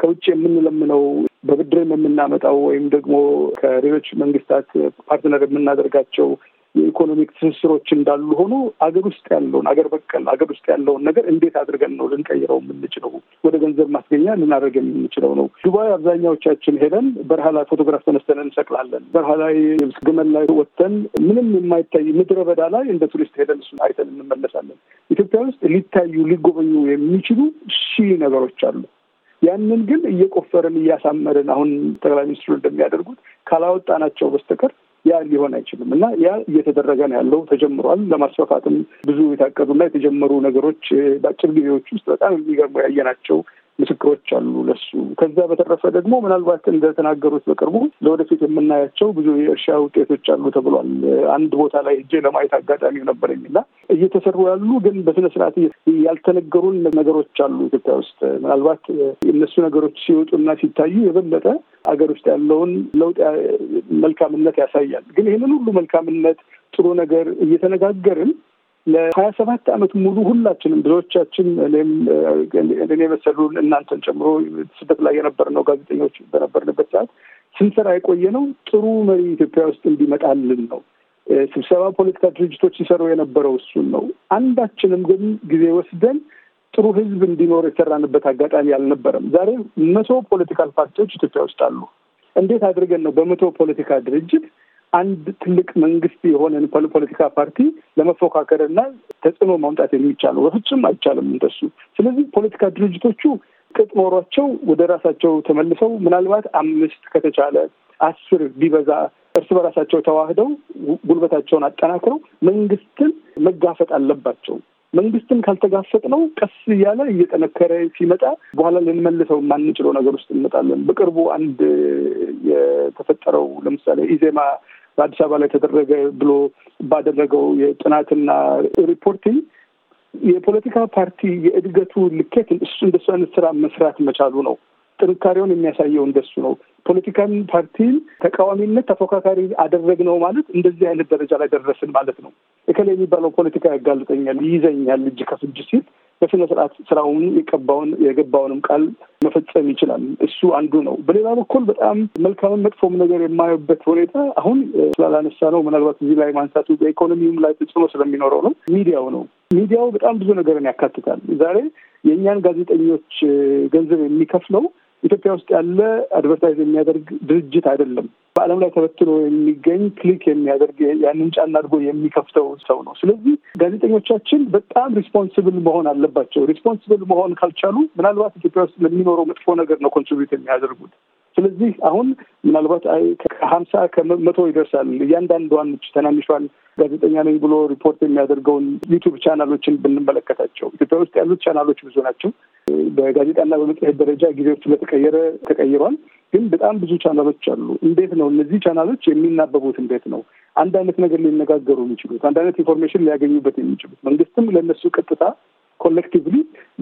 ከውጭ የምንለምነው በብድርም የምናመጣው ወይም ደግሞ ከሌሎች መንግስታት ፓርትነር የምናደርጋቸው የኢኮኖሚክ ትስስሮች እንዳሉ ሆኖ አገር ውስጥ ያለውን አገር በቀል አገር ውስጥ ያለውን ነገር እንዴት አድርገን ነው ልንቀይረው የምንችለው ወደ ገንዘብ ማስገኛ ልናደርግ የምንችለው ነው። ዱባይ አብዛኛዎቻችን ሄደን በረሃ ላይ ፎቶግራፍ ተነስተን እንሰቅላለን። በረሃ ላይ ግመል ላይ ወጥተን ምንም የማይታይ ምድረ በዳ ላይ እንደ ቱሪስት ሄደን እሱን አይተን እንመለሳለን። ኢትዮጵያ ውስጥ ሊታዩ ሊጎበኙ የሚችሉ ሺህ ነገሮች አሉ። ያንን ግን እየቆፈርን እያሳመርን አሁን ጠቅላይ ሚኒስትሩ እንደሚያደርጉት ካላወጣናቸው በስተቀር ያ ሊሆን አይችልም እና ያ እየተደረገ ነው ያለው። ተጀምሯል። ለማስፋፋትም ብዙ የታቀዱና የተጀመሩ ነገሮች በአጭር ጊዜዎች ውስጥ በጣም የሚገርሙ ያየናቸው ምስክሮች አሉ ለሱ። ከዛ በተረፈ ደግሞ ምናልባት እንደተናገሩት በቅርቡ ለወደፊት የምናያቸው ብዙ የእርሻ ውጤቶች አሉ ተብሏል። አንድ ቦታ ላይ እጄ ለማየት አጋጣሚ ነበረኝ እና እየተሰሩ ያሉ ግን በስነ ስርዓት ያልተነገሩን ነገሮች አሉ ኢትዮጵያ ውስጥ። ምናልባት እነሱ ነገሮች ሲወጡና ሲታዩ የበለጠ አገር ውስጥ ያለውን ለውጥ መልካምነት ያሳያል። ግን ይህንን ሁሉ መልካምነት ጥሩ ነገር እየተነጋገርን ለሀያ ሰባት አመት ሙሉ ሁላችንም ብዙዎቻችን እኔም እኔ የመሰሉ እናንተን ጨምሮ ስደት ላይ የነበርነው ጋዜጠኞች በነበርንበት ሰዓት ስንሰራ የቆየ ነው። ጥሩ መሪ ኢትዮጵያ ውስጥ እንዲመጣልን ነው። ስብሰባ ፖለቲካ ድርጅቶች ሲሰሩ የነበረው እሱን ነው። አንዳችንም ግን ጊዜ ወስደን ጥሩ ህዝብ እንዲኖር የሰራንበት አጋጣሚ አልነበረም። ዛሬ መቶ ፖለቲካል ፓርቲዎች ኢትዮጵያ ውስጥ አሉ። እንዴት አድርገን ነው በመቶ ፖለቲካ ድርጅት አንድ ትልቅ መንግስት የሆነን ፖለቲካ ፓርቲ ለመፎካከርና ተጽዕኖ ማምጣት የሚቻለው በፍጹም አይቻልም እንደሱ። ስለዚህ ፖለቲካ ድርጅቶቹ ቅጥ ኖሯቸው ወደ ራሳቸው ተመልሰው ምናልባት አምስት ከተቻለ አስር ቢበዛ እርስ በራሳቸው ተዋህደው ጉልበታቸውን አጠናክረው መንግስትን መጋፈጥ አለባቸው። መንግስትን ካልተጋፈጥ ነው ቀስ እያለ እየጠነከረ ሲመጣ በኋላ ልንመልሰው የማንችለው ነገር ውስጥ እንመጣለን። በቅርቡ አንድ የተፈጠረው ለምሳሌ ኢዜማ በአዲስ አበባ ላይ ተደረገ ብሎ ባደረገው የጥናትና ሪፖርቲንግ የፖለቲካ ፓርቲ የእድገቱ ልኬት እንደሱ አይነት ስራ መስራት መቻሉ ነው። ጥንካሬውን የሚያሳየው እንደሱ ነው። ፖለቲካን ፓርቲን ተቃዋሚነት ተፎካካሪ አደረግነው ማለት እንደዚህ አይነት ደረጃ ላይ ደረስን ማለት ነው። እከሌ የሚባለው ፖለቲካ ያጋልጠኛል፣ ይይዘኛል እጅ ከፍጅ ሲል በስነ ስርዓት ስራውን የቀባውን የገባውንም ቃል መፈጸም ይችላል። እሱ አንዱ ነው። በሌላ በኩል በጣም መልካምን መጥፎም ነገር የማየበት ሁኔታ አሁን ስላላነሳ ነው ምናልባት እዚህ ላይ ማንሳቱ በኢኮኖሚውም ላይ ተጽዕኖ ስለሚኖረው ነው። ሚዲያው ነው። ሚዲያው በጣም ብዙ ነገርን ያካትታል። ዛሬ የእኛን ጋዜጠኞች ገንዘብ የሚከፍለው ኢትዮጵያ ውስጥ ያለ አድቨርታይዝ የሚያደርግ ድርጅት አይደለም። በዓለም ላይ ተበትኖ የሚገኝ ክሊክ የሚያደርግ ያንን ጫና አድርጎ የሚከፍተው ሰው ነው። ስለዚህ ጋዜጠኞቻችን በጣም ሪስፖንስብል መሆን አለባቸው። ሪስፖንስብል መሆን ካልቻሉ ምናልባት ኢትዮጵያ ውስጥ ለሚኖረው መጥፎ ነገር ነው ኮንትሪቢዩት የሚያደርጉት። ስለዚህ አሁን ምናልባት ከሀምሳ ከመቶ ይደርሳል እያንዳንዷን ተናንሿል ጋዜጠኛ ነኝ ብሎ ሪፖርት የሚያደርገውን ዩቱብ ቻናሎችን ብንመለከታቸው ኢትዮጵያ ውስጥ ያሉት ቻናሎች ብዙ ናቸው። በጋዜጣና በመጽሔት ደረጃ ጊዜዎች ስለተቀየረ ተቀይሯል። ግን በጣም ብዙ ቻናሎች አሉ። እንዴት ነው እነዚህ ቻናሎች የሚናበቡት? እንዴት ነው አንድ አይነት ነገር ሊነጋገሩ የሚችሉት? አንድ አይነት ኢንፎርሜሽን ሊያገኙበት የሚችሉት? መንግስትም ለእነሱ ቀጥታ ኮሌክቲቭሊ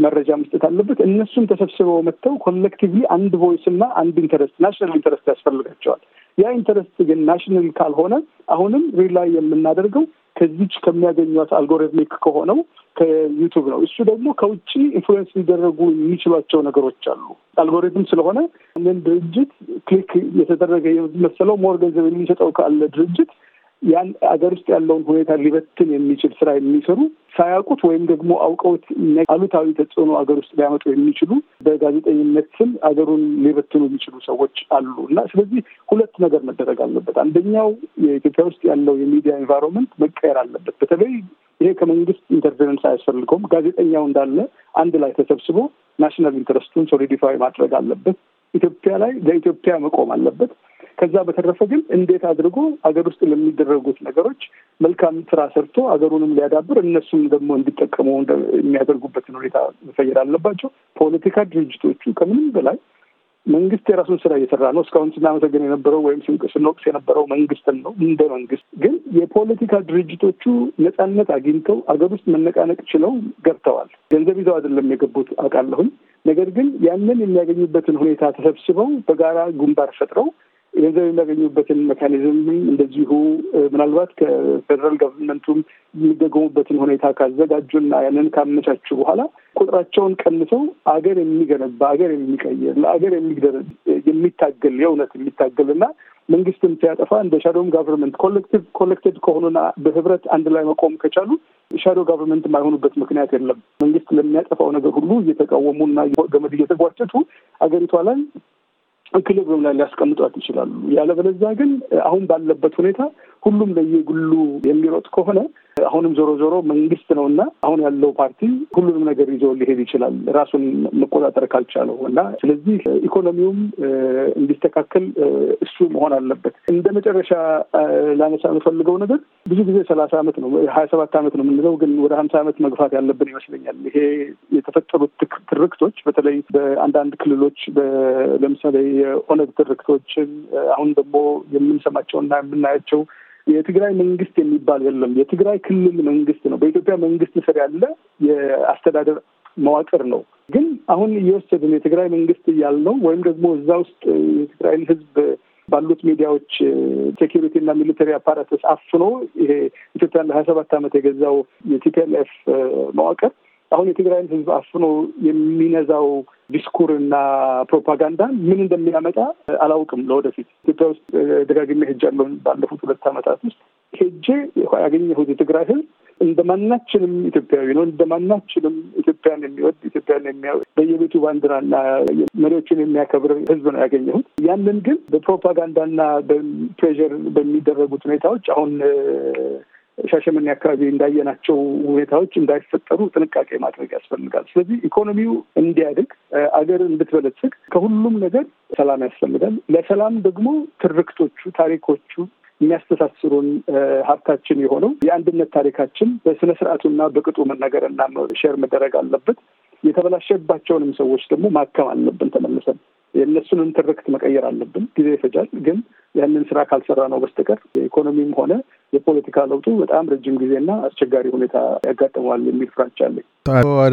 መረጃ መስጠት አለበት። እነሱም ተሰብስበው መጥተው ኮሌክቲቭሊ አንድ ቮይስ እና አንድ ኢንተረስት ናሽናል ኢንተረስት ያስፈልጋቸዋል። ያ ኢንተረስት ግን ናሽናል ካልሆነ አሁንም ሪላይ የምናደርገው ከዚች ከሚያገኟት አልጎሪትሚክ ከሆነው ከዩቱብ ነው። እሱ ደግሞ ከውጭ ኢንፍሉዌንስ ሊደረጉ የሚችሏቸው ነገሮች አሉ። አልጎሪትም ስለሆነ ምን ድርጅት ክሊክ የተደረገ መሰለው ሞር ገንዘብ የሚሰጠው ካለ ድርጅት ያን አገር ውስጥ ያለውን ሁኔታ ሊበትን የሚችል ስራ የሚሰሩ ሳያውቁት ወይም ደግሞ አውቀውት አሉታዊ ተጽዕኖ አገር ውስጥ ሊያመጡ የሚችሉ በጋዜጠኝነት ስም አገሩን ሊበትኑ የሚችሉ ሰዎች አሉ እና ስለዚህ ሁለት ነገር መደረግ አለበት። አንደኛው የኢትዮጵያ ውስጥ ያለው የሚዲያ ኢንቫይሮንመንት መቀየር አለበት። በተለይ ይሄ ከመንግስት ኢንተርፌረንስ አያስፈልገውም። ጋዜጠኛው እንዳለ አንድ ላይ ተሰብስቦ ናሽናል ኢንትረስቱን ሶሊዲፋይ ማድረግ አለበት። ኢትዮጵያ ላይ ለኢትዮጵያ መቆም አለበት። ከዛ በተረፈ ግን እንዴት አድርጎ አገር ውስጥ ለሚደረጉት ነገሮች መልካም ስራ ሰርቶ አገሩንም ሊያዳብር እነሱም ደግሞ እንዲጠቀሙ የሚያደርጉበትን ሁኔታ መፈየድ አለባቸው። ፖለቲካ ድርጅቶቹ ከምንም በላይ መንግስት የራሱን ስራ እየሰራ ነው። እስካሁን ስናመሰግን የነበረው ወይም ስንወቅስ የነበረው መንግስትን ነው። እንደ መንግስት ግን የፖለቲካ ድርጅቶቹ ነፃነት አግኝተው አገር ውስጥ መነቃነቅ ችለው ገብተዋል። ገንዘብ ይዘው አይደለም የገቡት አውቃለሁኝ። ነገር ግን ያንን የሚያገኙበትን ሁኔታ ተሰብስበው በጋራ ግንባር ፈጥረው ገንዘብ የሚያገኙበትን መካኒዝም እንደዚሁ ምናልባት ከፌደራል ገቨርንመንቱም የሚደገሙበትን ሁኔታ ካዘጋጁና ያንን ካመቻቹ በኋላ ቁጥራቸውን ቀንሰው አገር የሚገነባ አገር የሚቀይር ለአገር የሚታገል የእውነት የሚታገልና መንግስትም ሲያጠፋ እንደ ሻዶም ጋቨርንመንት ኮሌክቲቭ ኮሌክቲቭ ከሆኑና በህብረት አንድ ላይ መቆም ከቻሉ ሻዶ ጋቨርንመንት የማይሆኑበት ምክንያት የለም። መንግስት ለሚያጠፋው ነገር ሁሉ እየተቃወሙና ገመድ እየተጓተቱ አገሪቷ ላይ ኢኩሊብሪየም ላይ ሊያስቀምጧት ይችላሉ። ያለበለዚያ ግን አሁን ባለበት ሁኔታ ሁሉም ለየግሉ የሚሮጥ ከሆነ አሁንም ዞሮ ዞሮ መንግስት ነው እና አሁን ያለው ፓርቲ ሁሉንም ነገር ይዞ ሊሄድ ይችላል ራሱን መቆጣጠር ካልቻለው እና ስለዚህ ኢኮኖሚውም እንዲስተካከል እሱ መሆን አለበት። እንደ መጨረሻ ላነሳ የምፈልገው ነገር ብዙ ጊዜ ሰላሳ ዓመት ነው ሀያ ሰባት አመት ነው የምንለው፣ ግን ወደ ሀምሳ ዓመት መግፋት ያለብን ይመስለኛል። ይሄ የተፈጠሩት ትርክቶች በተለይ በአንዳንድ ክልሎች ለምሳሌ የኦነግ ትርክቶችን አሁን ደግሞ የምንሰማቸው እና የምናያቸው የትግራይ መንግስት የሚባል የለም። የትግራይ ክልል መንግስት ነው። በኢትዮጵያ መንግስት ስር ያለ የአስተዳደር መዋቅር ነው። ግን አሁን እየወሰድን የትግራይ መንግስት እያልነው ወይም ደግሞ እዛ ውስጥ የትግራይን ህዝብ ባሉት ሚዲያዎች ሴኪሪቲ እና ሚሊተሪ አፓራተስ አፍኖ ይሄ ኢትዮጵያን ለሀያ ሰባት ዓመት የገዛው የቲፒኤልኤፍ መዋቅር አሁን የትግራይን ህዝብ አፍኖ የሚነዛው ዲስኩር እና ፕሮፓጋንዳ ምን እንደሚያመጣ አላውቅም። ለወደፊት ኢትዮጵያ ውስጥ ደጋግሜ ሄጃለሁ። ባለፉት ሁለት ዓመታት ውስጥ ሄጄ ያገኘሁት የትግራይ ህዝብ እንደ ማናችንም ኢትዮጵያዊ ነው። እንደ ማናችንም ኢትዮጵያን የሚወድ ኢትዮጵያን የሚያ በየቤቱ ባንዲራና መሪዎችን የሚያከብር ህዝብ ነው ያገኘሁት። ያንን ግን በፕሮፓጋንዳና በፕሬዥር በሚደረጉት ሁኔታዎች አሁን ሻሸመኔ አካባቢ እንዳየናቸው ሁኔታዎች እንዳይፈጠሩ ጥንቃቄ ማድረግ ያስፈልጋል። ስለዚህ ኢኮኖሚው እንዲያድግ አገር እንድትበለጽግ ከሁሉም ነገር ሰላም ያስፈልጋል። ለሰላም ደግሞ ትርክቶቹ፣ ታሪኮቹ የሚያስተሳስሩን ሀብታችን የሆነው የአንድነት ታሪካችን በስነ ስርዓቱና በቅጡ መነገርና ሼር መደረግ አለበት። የተበላሸባቸውንም ሰዎች ደግሞ ማከም አለብን ተመልሰን የእነሱንም ትርክት መቀየር አለብን። ጊዜ ይፈጃል፣ ግን ያንን ስራ ካልሰራ ነው በስተቀር የኢኮኖሚም ሆነ የፖለቲካ ለውጡ በጣም ረጅም ጊዜና አስቸጋሪ ሁኔታ ያጋጥመዋል የሚል ፍራቻ አለኝ።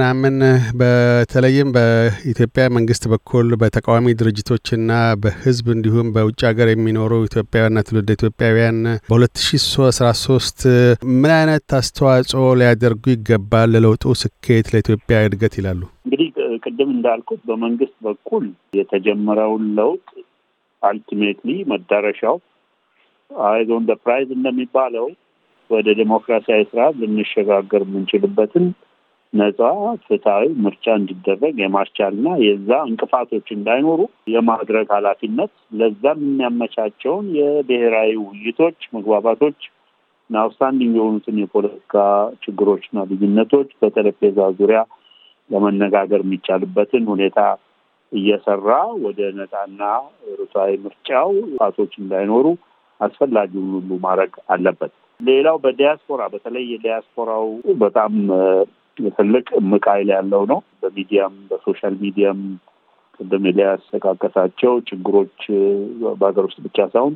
ናምን በተለይም በኢትዮጵያ መንግስት በኩል በተቃዋሚ ድርጅቶችና በህዝብ እንዲሁም በውጭ ሀገር የሚኖሩ ኢትዮጵያውያንና ትውልደ ኢትዮጵያውያን በ2013 ምን አይነት አስተዋጽኦ ሊያደርጉ ይገባል ለለውጡ ስኬት ለኢትዮጵያ እድገት ይላሉ? እንግዲህ ቅድም እንዳልኩት በመንግስት በኩል የተጀመረውን ለውጥ አልቲሜትሊ መዳረሻው አይዞን ፕራይዝ እንደሚባለው ወደ ዴሞክራሲያዊ ስርዓት ልንሸጋገር የምንችልበትን ነጻ ፍትሐዊ ምርጫ እንዲደረግ የማስቻልና የዛ እንቅፋቶች እንዳይኖሩ የማድረግ ኃላፊነት ለዛም የሚያመቻቸውን የብሔራዊ ውይይቶች፣ መግባባቶች እና አውትስታንዲንግ የሆኑትን የፖለቲካ ችግሮችና ልዩነቶች በጠረጴዛ ዙሪያ ለመነጋገር የሚቻልበትን ሁኔታ እየሰራ ወደ ነጻና ርትዓዊ ምርጫው ጣቶች እንዳይኖሩ አስፈላጊውን ሁሉ ማድረግ አለበት። ሌላው በዲያስፖራ በተለይ የዲያስፖራው በጣም ትልቅ ምቃይል ያለው ነው። በሚዲያም በሶሻል ሚዲያም ቅድም ኤልያስ ችግሮች በሀገር ውስጥ ብቻ ሳይሆን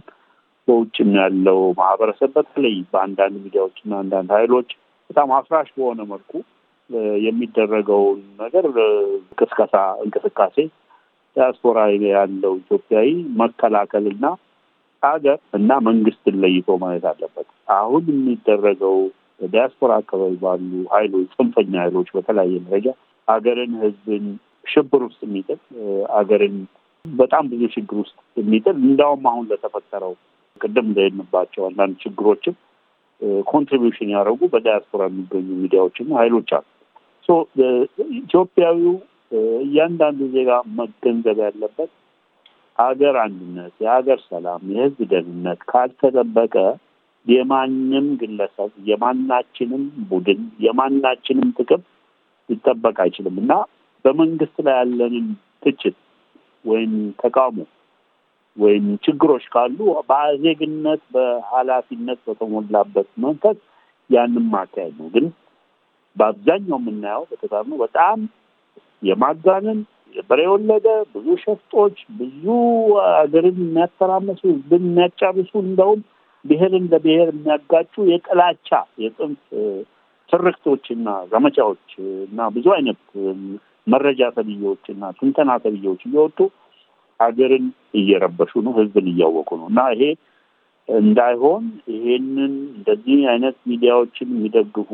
በውጭም ያለው ማህበረሰብ በተለይ በአንዳንድ እና አንዳንድ ኃይሎች በጣም አፍራሽ በሆነ መልኩ የሚደረገውን ነገር ቅስቀሳ እንቅስቃሴ ዲያስፖራ ያለው ኢትዮጵያዊ መከላከልና ሀገር እና መንግስትን ለይቶ ማየት አለበት። አሁን የሚደረገው በዲያስፖራ አካባቢ ባሉ ሀይሎች ጽንፈኛ ኃይሎች በተለያየ ደረጃ ሀገርን፣ ህዝብን ሽብር ውስጥ የሚጥል ሀገርን በጣም ብዙ ችግር ውስጥ የሚጥል እንዲያውም አሁን ለተፈጠረው ቅድም እንደሄድንባቸው አንዳንድ ችግሮችም ኮንትሪቢሽን ያደረጉ በዲያስፖራ የሚገኙ ሚዲያዎችና ኃይሎች አሉ። ኢትዮጵያዊው እያንዳንዱ ዜጋ መገንዘብ ያለበት ሀገር አንድነት፣ የሀገር ሰላም፣ የህዝብ ደህንነት ካልተጠበቀ የማንም ግለሰብ የማናችንም ቡድን የማናችንም ጥቅም ሊጠበቅ አይችልም እና በመንግስት ላይ ያለንን ትችት ወይም ተቃውሞ ወይም ችግሮች ካሉ በዜግነት በኃላፊነት በተሞላበት መንፈስ ያንም ማካሄድ ነው ግን በአብዛኛው የምናየው በተዛር ነው። በጣም የማጋነን የበሬ የወለደ ብዙ ሸፍጦች፣ ብዙ ሀገርን የሚያተራመሱ፣ ህዝብን የሚያጫብሱ፣ እንደውም ብሔርን ለብሔር የሚያጋጩ የጥላቻ የጥንት ትርክቶች እና ዘመቻዎች እና ብዙ አይነት መረጃ ተብዬዎች እና ትንተና ተብዬዎች እየወጡ ሀገርን እየረበሹ ነው፣ ህዝብን እያወቁ ነው እና ይሄ እንዳይሆን ይሄንን እንደዚህ አይነት ሚዲያዎችን የሚደግፉ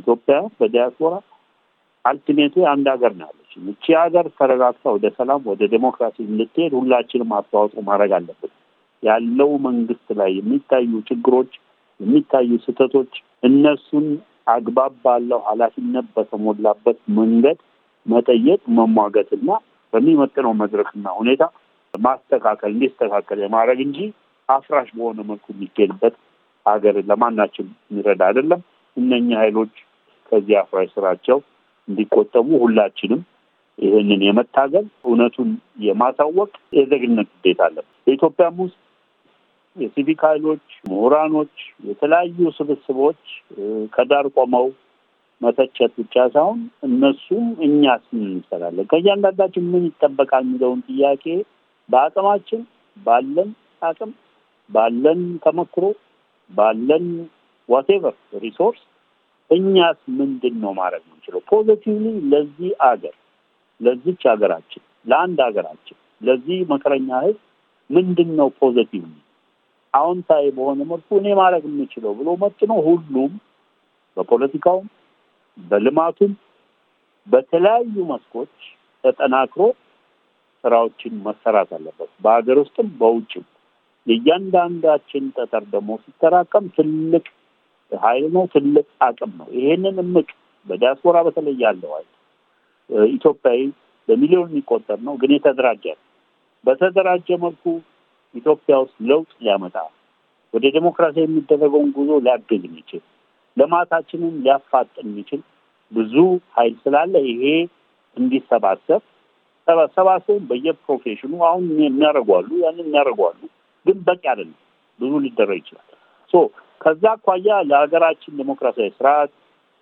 ኢትዮጵያ በዲያስፖራ አልቲሜቱ አንድ ሀገር ናለች። እቺ ሀገር ተረጋግታ ወደ ሰላም ወደ ዴሞክራሲ እንድትሄድ ሁላችንም አስተዋጽኦ ማድረግ አለብን። ያለው መንግስት ላይ የሚታዩ ችግሮች፣ የሚታዩ ስህተቶች እነሱን አግባብ ባለው ኃላፊነት በተሞላበት መንገድ መጠየቅ መሟገትና በሚመጥነው መድረክና ሁኔታ ማስተካከል እንዲስተካከል የማድረግ እንጂ አፍራሽ በሆነ መልኩ የሚገኝበት ሀገር ለማናችን የሚረዳ አይደለም። እነኛ ኃይሎች ከዚህ አፍራሽ ስራቸው እንዲቆጠቡ ሁላችንም ይህንን የመታገል እውነቱን የማሳወቅ የዜግነት ግዴታ አለን። በኢትዮጵያም ውስጥ የሲቪክ ኃይሎች፣ ምሁራኖች፣ የተለያዩ ስብስቦች ከዳር ቆመው መተቸት ብቻ ሳይሆን እነሱም እኛ ምን እንሰራለን፣ ከእያንዳንዳችን ምን ይጠበቃል የሚለውን ጥያቄ በአቅማችን ባለን አቅም ባለን ተመክሮ ባለን ዋቴቨር ሪሶርስ እኛስ ምንድን ነው ማድረግ የምንችለው ፖዘቲቭሊ ለዚህ አገር ለዚች ሀገራችን ለአንድ ሀገራችን ለዚህ መከረኛ ህዝብ ምንድን ነው ፖዘቲቭሊ አዎንታዊ በሆነ መልኩ እኔ ማድረግ የምችለው ብሎ መጥኖ ሁሉም በፖለቲካውም በልማቱም በተለያዩ መስኮች ተጠናክሮ ስራዎችን መሰራት አለበት፣ በሀገር ውስጥም በውጭም። የእያንዳንዳችን ጠጠር ደግሞ ሲጠራቀም ትልቅ ኃይል ነው፣ ትልቅ አቅም ነው። ይሄንን እምቅ በዲያስፖራ በተለይ ያለው ኃይል ኢትዮጵያዊ በሚሊዮን የሚቆጠር ነው፣ ግን የተደራጀ በተደራጀ መልኩ ኢትዮጵያ ውስጥ ለውጥ ሊያመጣ ወደ ዴሞክራሲ የሚደረገውን ጉዞ ሊያግዝ የሚችል ልማታችንን ሊያፋጥን የሚችል ብዙ ኃይል ስላለ ይሄ እንዲሰባሰብ ሰባሰቡን በየፕሮፌሽኑ አሁን የሚያደርጓሉ ያንን የሚያደርጓሉ ግን በቂ አይደለም። ብዙ ሊደረግ ይችላል። ሶ ከዛ አኳያ ለሀገራችን ዴሞክራሲያዊ ስርዓት፣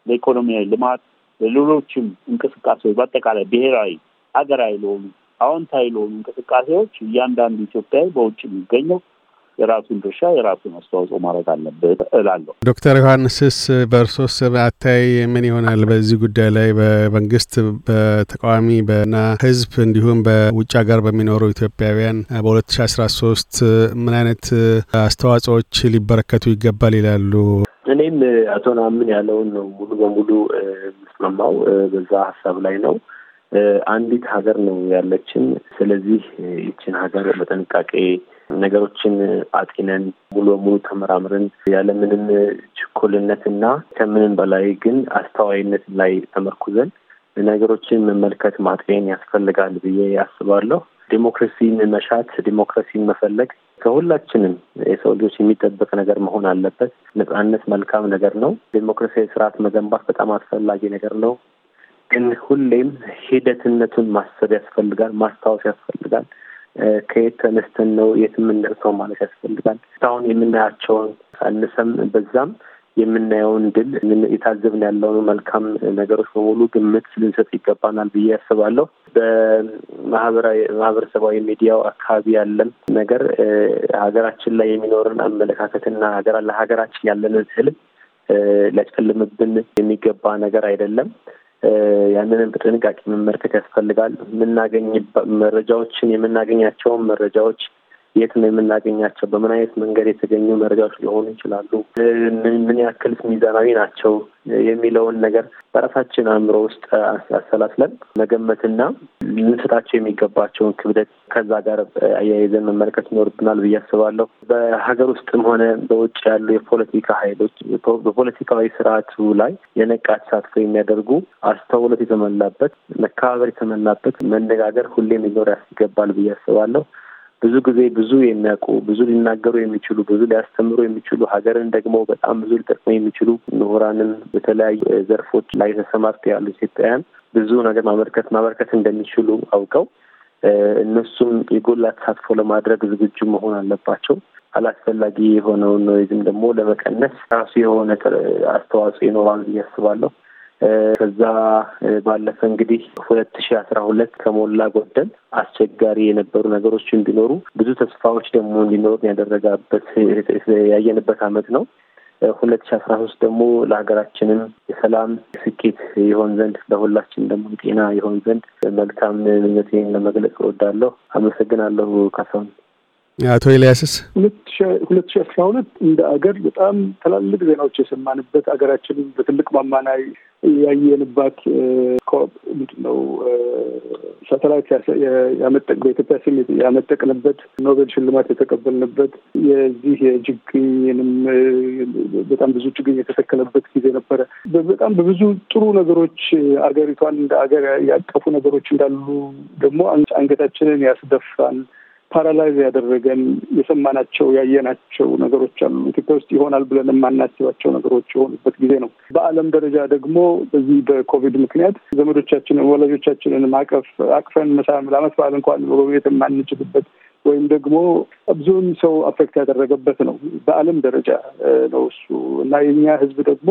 ለኢኮኖሚያዊ ልማት፣ ለሌሎችም እንቅስቃሴዎች በአጠቃላይ ብሔራዊ ሀገራዊ ለሆኑ አዎንታዊ ለሆኑ እንቅስቃሴዎች እያንዳንዱ ኢትዮጵያዊ በውጭ የሚገኘው የራሱን ድርሻ የራሱን አስተዋጽኦ ማድረግ አለበት እላለሁ። ዶክተር ዮሐንስስ በእርሶስ አታይ ምን ይሆናል? በዚህ ጉዳይ ላይ በመንግስት በተቃዋሚ በና ህዝብ እንዲሁም በውጭ ሀገር በሚኖሩ ኢትዮጵያውያን በ2013 ምን አይነት አስተዋጽኦዎች ሊበረከቱ ይገባል ይላሉ? እኔም አቶ ናምን ያለውን ነው ሙሉ በሙሉ የምስማማው በዛ ሀሳብ ላይ ነው። አንዲት ሀገር ነው ያለችን። ስለዚህ ይችን ሀገር በጥንቃቄ ነገሮችን አጢነን ሙሉ በሙሉ ተመራምረን ያለምንም እና ከምንም በላይ ግን አስተዋይነት ላይ ተመርኩዘን ነገሮችን መመልከት ማጤን ያስፈልጋል ብዬ ያስባለሁ ዲሞክራሲን መሻት፣ ዲሞክራሲን መፈለግ ከሁላችንም የሰው ልጆች የሚጠበቅ ነገር መሆን አለበት። ነጻነት መልካም ነገር ነው። ዴሞክራሲያዊ ስርዓት መገንባት በጣም አስፈላጊ ነገር ነው። ግን ሁሌም ሂደትነቱን ማሰብ ያስፈልጋል፣ ማስታወስ ያስፈልጋል። ከየት ተነስተን ነው የት የምንደርሰው ማለት ያስፈልጋል። እስካሁን የምናያቸውን ሳንሰም በዛም የምናየውን ድል የታዘብን ያለውን መልካም ነገሮች በሙሉ ግምት ልንሰጥ ይገባናል ብዬ ያስባለሁ። በማህበራዊ ማህበረሰባዊ ሚዲያው አካባቢ ያለን ነገር ሀገራችን ላይ የሚኖርን አመለካከትና ለሀገራችን ያለንን ህልም ሊያስፈልምብን የሚገባ ነገር አይደለም። ያንንም በጥንቃቄ መመልከት ያስፈልጋል። የምናገኝ መረጃዎችን የምናገኛቸውን መረጃዎች የት ነው የምናገኛቸው? በምን አይነት መንገድ የተገኙ መረጃዎች ሊሆኑ ይችላሉ? ምን ያክልስ ሚዛናዊ ናቸው? የሚለውን ነገር በራሳችን አእምሮ ውስጥ አሰላስለን መገመትና ልንሰጣቸው የሚገባቸውን ክብደት ከዛ ጋር አያይዘን መመልከት ይኖርብናል ብዬ አስባለሁ። በሀገር ውስጥም ሆነ በውጭ ያሉ የፖለቲካ ኃይሎች በፖለቲካዊ ስርዓቱ ላይ የነቃ ተሳትፎ የሚያደርጉ አስተውሎት የተሞላበት መከባበር የተመላበት መነጋገር ሁሌም ሊኖር ያስገባል ብዬ አስባለሁ። ብዙ ጊዜ ብዙ የሚያውቁ ብዙ ሊናገሩ የሚችሉ ብዙ ሊያስተምሩ የሚችሉ ሀገርን ደግሞ በጣም ብዙ ሊጠቅሙ የሚችሉ ምሁራንን በተለያዩ ዘርፎች ላይ ተሰማርተ ያሉ ኢትዮጵያውያን ብዙ ነገር ማበርከት ማበርከት እንደሚችሉ አውቀው እነሱም የጎላ ተሳትፎ ለማድረግ ዝግጁ መሆን አለባቸው። አላስፈላጊ የሆነውን ኖይዝም ደግሞ ለመቀነስ ራሱ የሆነ አስተዋጽኦ ይኖራል ብዬ አስባለሁ። ከዛ ባለፈ እንግዲህ ሁለት ሺ አስራ ሁለት ከሞላ ጎደል አስቸጋሪ የነበሩ ነገሮች እንዲኖሩ ብዙ ተስፋዎች ደግሞ እንዲኖሩ ያደረጋበት ያየንበት አመት ነው። ሁለት ሺ አስራ ሶስት ደግሞ ለሀገራችንም የሰላም ስኬት የሆን ዘንድ ለሁላችን ደግሞ ጤና የሆን ዘንድ መልካም ምኞቴን ለመግለጽ እወዳለሁ። አመሰግናለሁ። ካሳሁን። አቶ ኤልያስስ ሁለት ሺ አስራ ሁለት እንደ አገር በጣም ትላልቅ ዜናዎች የሰማንበት አገራችንም በትልቅ ማማ ያየንባት ምንድን ነው ሳተላይት ያመጠቅ በኢትዮጵያ ስም ያመጠቅንበት ኖቤል ሽልማት የተቀበልንበት የዚህ የችግኝንም በጣም ብዙ ችግኝ የተተከለበት ጊዜ ነበረ። በጣም በብዙ ጥሩ ነገሮች አገሪቷን እንደ አገር ያቀፉ ነገሮች እንዳሉ ደግሞ አንገታችንን ያስደፋን ፓራላይዝ ያደረገን የሰማናቸው ያየናቸው ነገሮች አሉ። ኢትዮጵያ ውስጥ ይሆናል ብለን የማናስባቸው ነገሮች የሆኑበት ጊዜ ነው። በዓለም ደረጃ ደግሞ በዚህ በኮቪድ ምክንያት ዘመዶቻችንን ወላጆቻችንን ማቀፍ አቅፈን መሳም ለዓመት በዓል እንኳን መጎብኘት የማንችልበት ወይም ደግሞ ብዙውን ሰው አፌክት ያደረገበት ነው። በዓለም ደረጃ ነው እሱ እና የኛ ህዝብ ደግሞ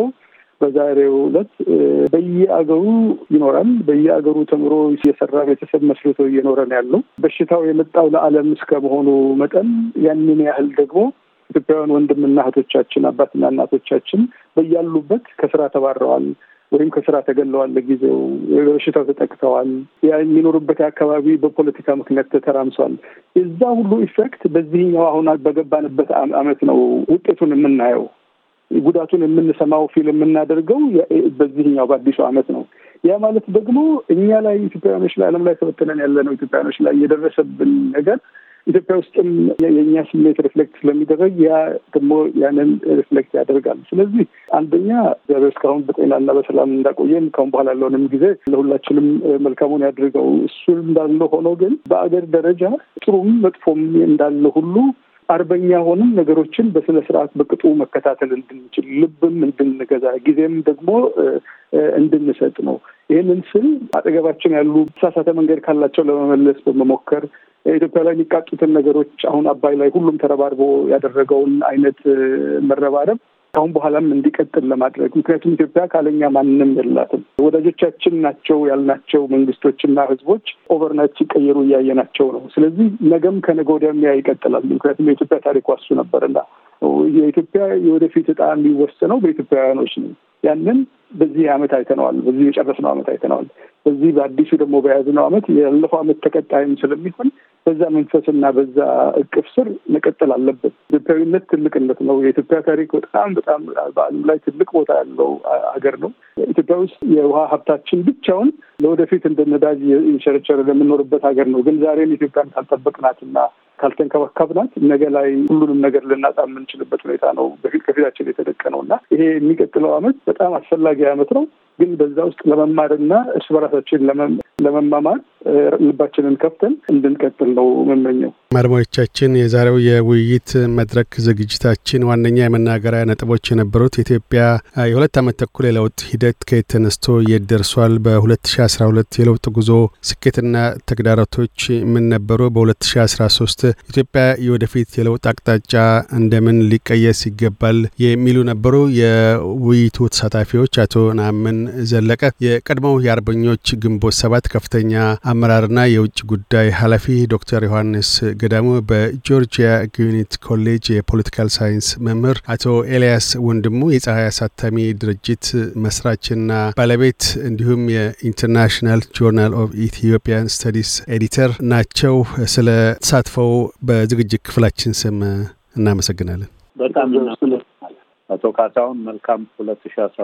በዛሬው ዕለት በየአገሩ ይኖራል። በየአገሩ ተምሮ የሰራ ቤተሰብ መስርቶ እየኖረ ነው ያለው። በሽታው የመጣው ለዓለም እስከ መሆኑ መጠን ያንን ያህል ደግሞ ኢትዮጵያውያን ወንድምና እህቶቻችን አባትና እናቶቻችን በያሉበት ከስራ ተባረዋል ወይም ከስራ ተገለዋል፣ ለጊዜው በሽታው ተጠቅተዋል፣ የሚኖሩበት አካባቢ በፖለቲካ ምክንያት ተተራምሷል። የዛ ሁሉ ኢፌክት በዚህኛው አሁን በገባንበት አመት ነው ውጤቱን የምናየው። ጉዳቱን የምንሰማው ፊልም የምናደርገው በዚህኛው በአዲሱ ዓመት ነው። ያ ማለት ደግሞ እኛ ላይ ኢትዮጵያውያኖች ላይ ዓለም ላይ ተበትነን ነው ኢትዮጵያውያኖች ላይ የደረሰብን ነገር ኢትዮጵያ ውስጥም የእኛ ስሜት ሪፍሌክት ስለሚደረግ ያ ደግሞ ያንን ሪፍሌክት ያደርጋል። ስለዚህ አንደኛ እግዚአብሔር እስካሁን በጤናና በሰላም እንዳቆየን ካሁን በኋላ ያለውንም ጊዜ ለሁላችንም መልካሙን ያድርገው። እሱ እንዳለ ሆኖ ግን በአገር ደረጃ ጥሩም መጥፎም እንዳለ ሁሉ አርበኛ ሆንም ነገሮችን በስነ ስርዓት በቅጡ መከታተል እንድንችል ልብም እንድንገዛ ጊዜም ደግሞ እንድንሰጥ ነው። ይህንን ስል አጠገባችን ያሉ ተሳሳተ መንገድ ካላቸው ለመመለስ በመሞከር ኢትዮጵያ ላይ የሚቃጡትን ነገሮች አሁን አባይ ላይ ሁሉም ተረባርቦ ያደረገውን አይነት መረባረብ ከአሁን በኋላም እንዲቀጥል ለማድረግ ምክንያቱም ኢትዮጵያ ካለኛ ማንም የላትም። ወዳጆቻችን ናቸው ያልናቸው መንግስቶችና ህዝቦች ኦቨርናይት ሲቀየሩ እያየናቸው ነው። ስለዚህ ነገም ከነገ ወዲያም ያ ይቀጥላል። ምክንያቱም የኢትዮጵያ ታሪክ እሱ ነበርና የኢትዮጵያ የወደፊት እጣ የሚወሰነው በኢትዮጵያውያኖች ነው። ያንን በዚህ አመት አይተነዋል። በዚህ የጨረስነው አመት አይተነዋል። በዚህ በአዲሱ ደግሞ በያዝነው አመት ያለፈው አመት ተቀጣይም ስለሚሆን በዛ መንፈስና በዛ እቅፍ ስር መቀጠል አለብን። ኢትዮጵያዊነት ትልቅነት ነው። የኢትዮጵያ ታሪክ በጣም በጣም በዓለም ላይ ትልቅ ቦታ ያለው ሀገር ነው። ኢትዮጵያ ውስጥ የውሃ ሀብታችን ብቻውን ለወደፊት እንደ ነዳጅ የሸረቸረ ለምኖርበት ሀገር ነው። ግን ዛሬን ኢትዮጵያን ካልጠበቅናትና ካልተንከባከብናት ነገ ላይ ሁሉንም ነገር ልናጣ የምንችልበት ሁኔታ ነው በፊት ከፊታችን የተደቀነው እና ይሄ የሚቀጥለው ዓመት በጣም አስፈላጊ ዓመት ነው። ግን በዛ ውስጥ ለመማርና እርስ በራሳችን ለመማማር ልባችንን ከፍተን እንድንቀጥል ነው የምመኘው። አድማጮቻችን፣ የዛሬው የውይይት መድረክ ዝግጅታችን ዋነኛ የመናገሪያ ነጥቦች የነበሩት የኢትዮጵያ የሁለት ዓመት ተኩል የለውጥ ሂደት ከየት ተነስቶ የት ደርሷል፣ በ2012 የለውጥ ጉዞ ስኬትና ተግዳሮቶች ምን ነበሩ፣ በ2013 ኢትዮጵያ የወደፊት የለውጥ አቅጣጫ እንደምን ሊቀየስ ይገባል የሚሉ ነበሩ። የውይይቱ ተሳታፊዎች አቶ ናምን ዘለቀ የቀድሞው የአርበኞች ግንቦት ሰባት ከፍተኛ አመራርና የውጭ ጉዳይ ኃላፊ ዶክተር ዮሐንስ ገዳሙ፣ በጆርጂያ ግዩኒት ኮሌጅ የፖለቲካል ሳይንስ መምህር አቶ ኤልያስ ወንድሙ የፀሐይ አሳታሚ ድርጅት መስራችና ባለቤት እንዲሁም የኢንተርናሽናል ጆርናል ኦፍ ኢትዮጵያን ስተዲስ ኤዲተር ናቸው። ስለ ተሳትፈው በዝግጅት ክፍላችን ስም እናመሰግናለን። በጣም አቶ ካሳሁን መልካም ሁለት ሺ አስራ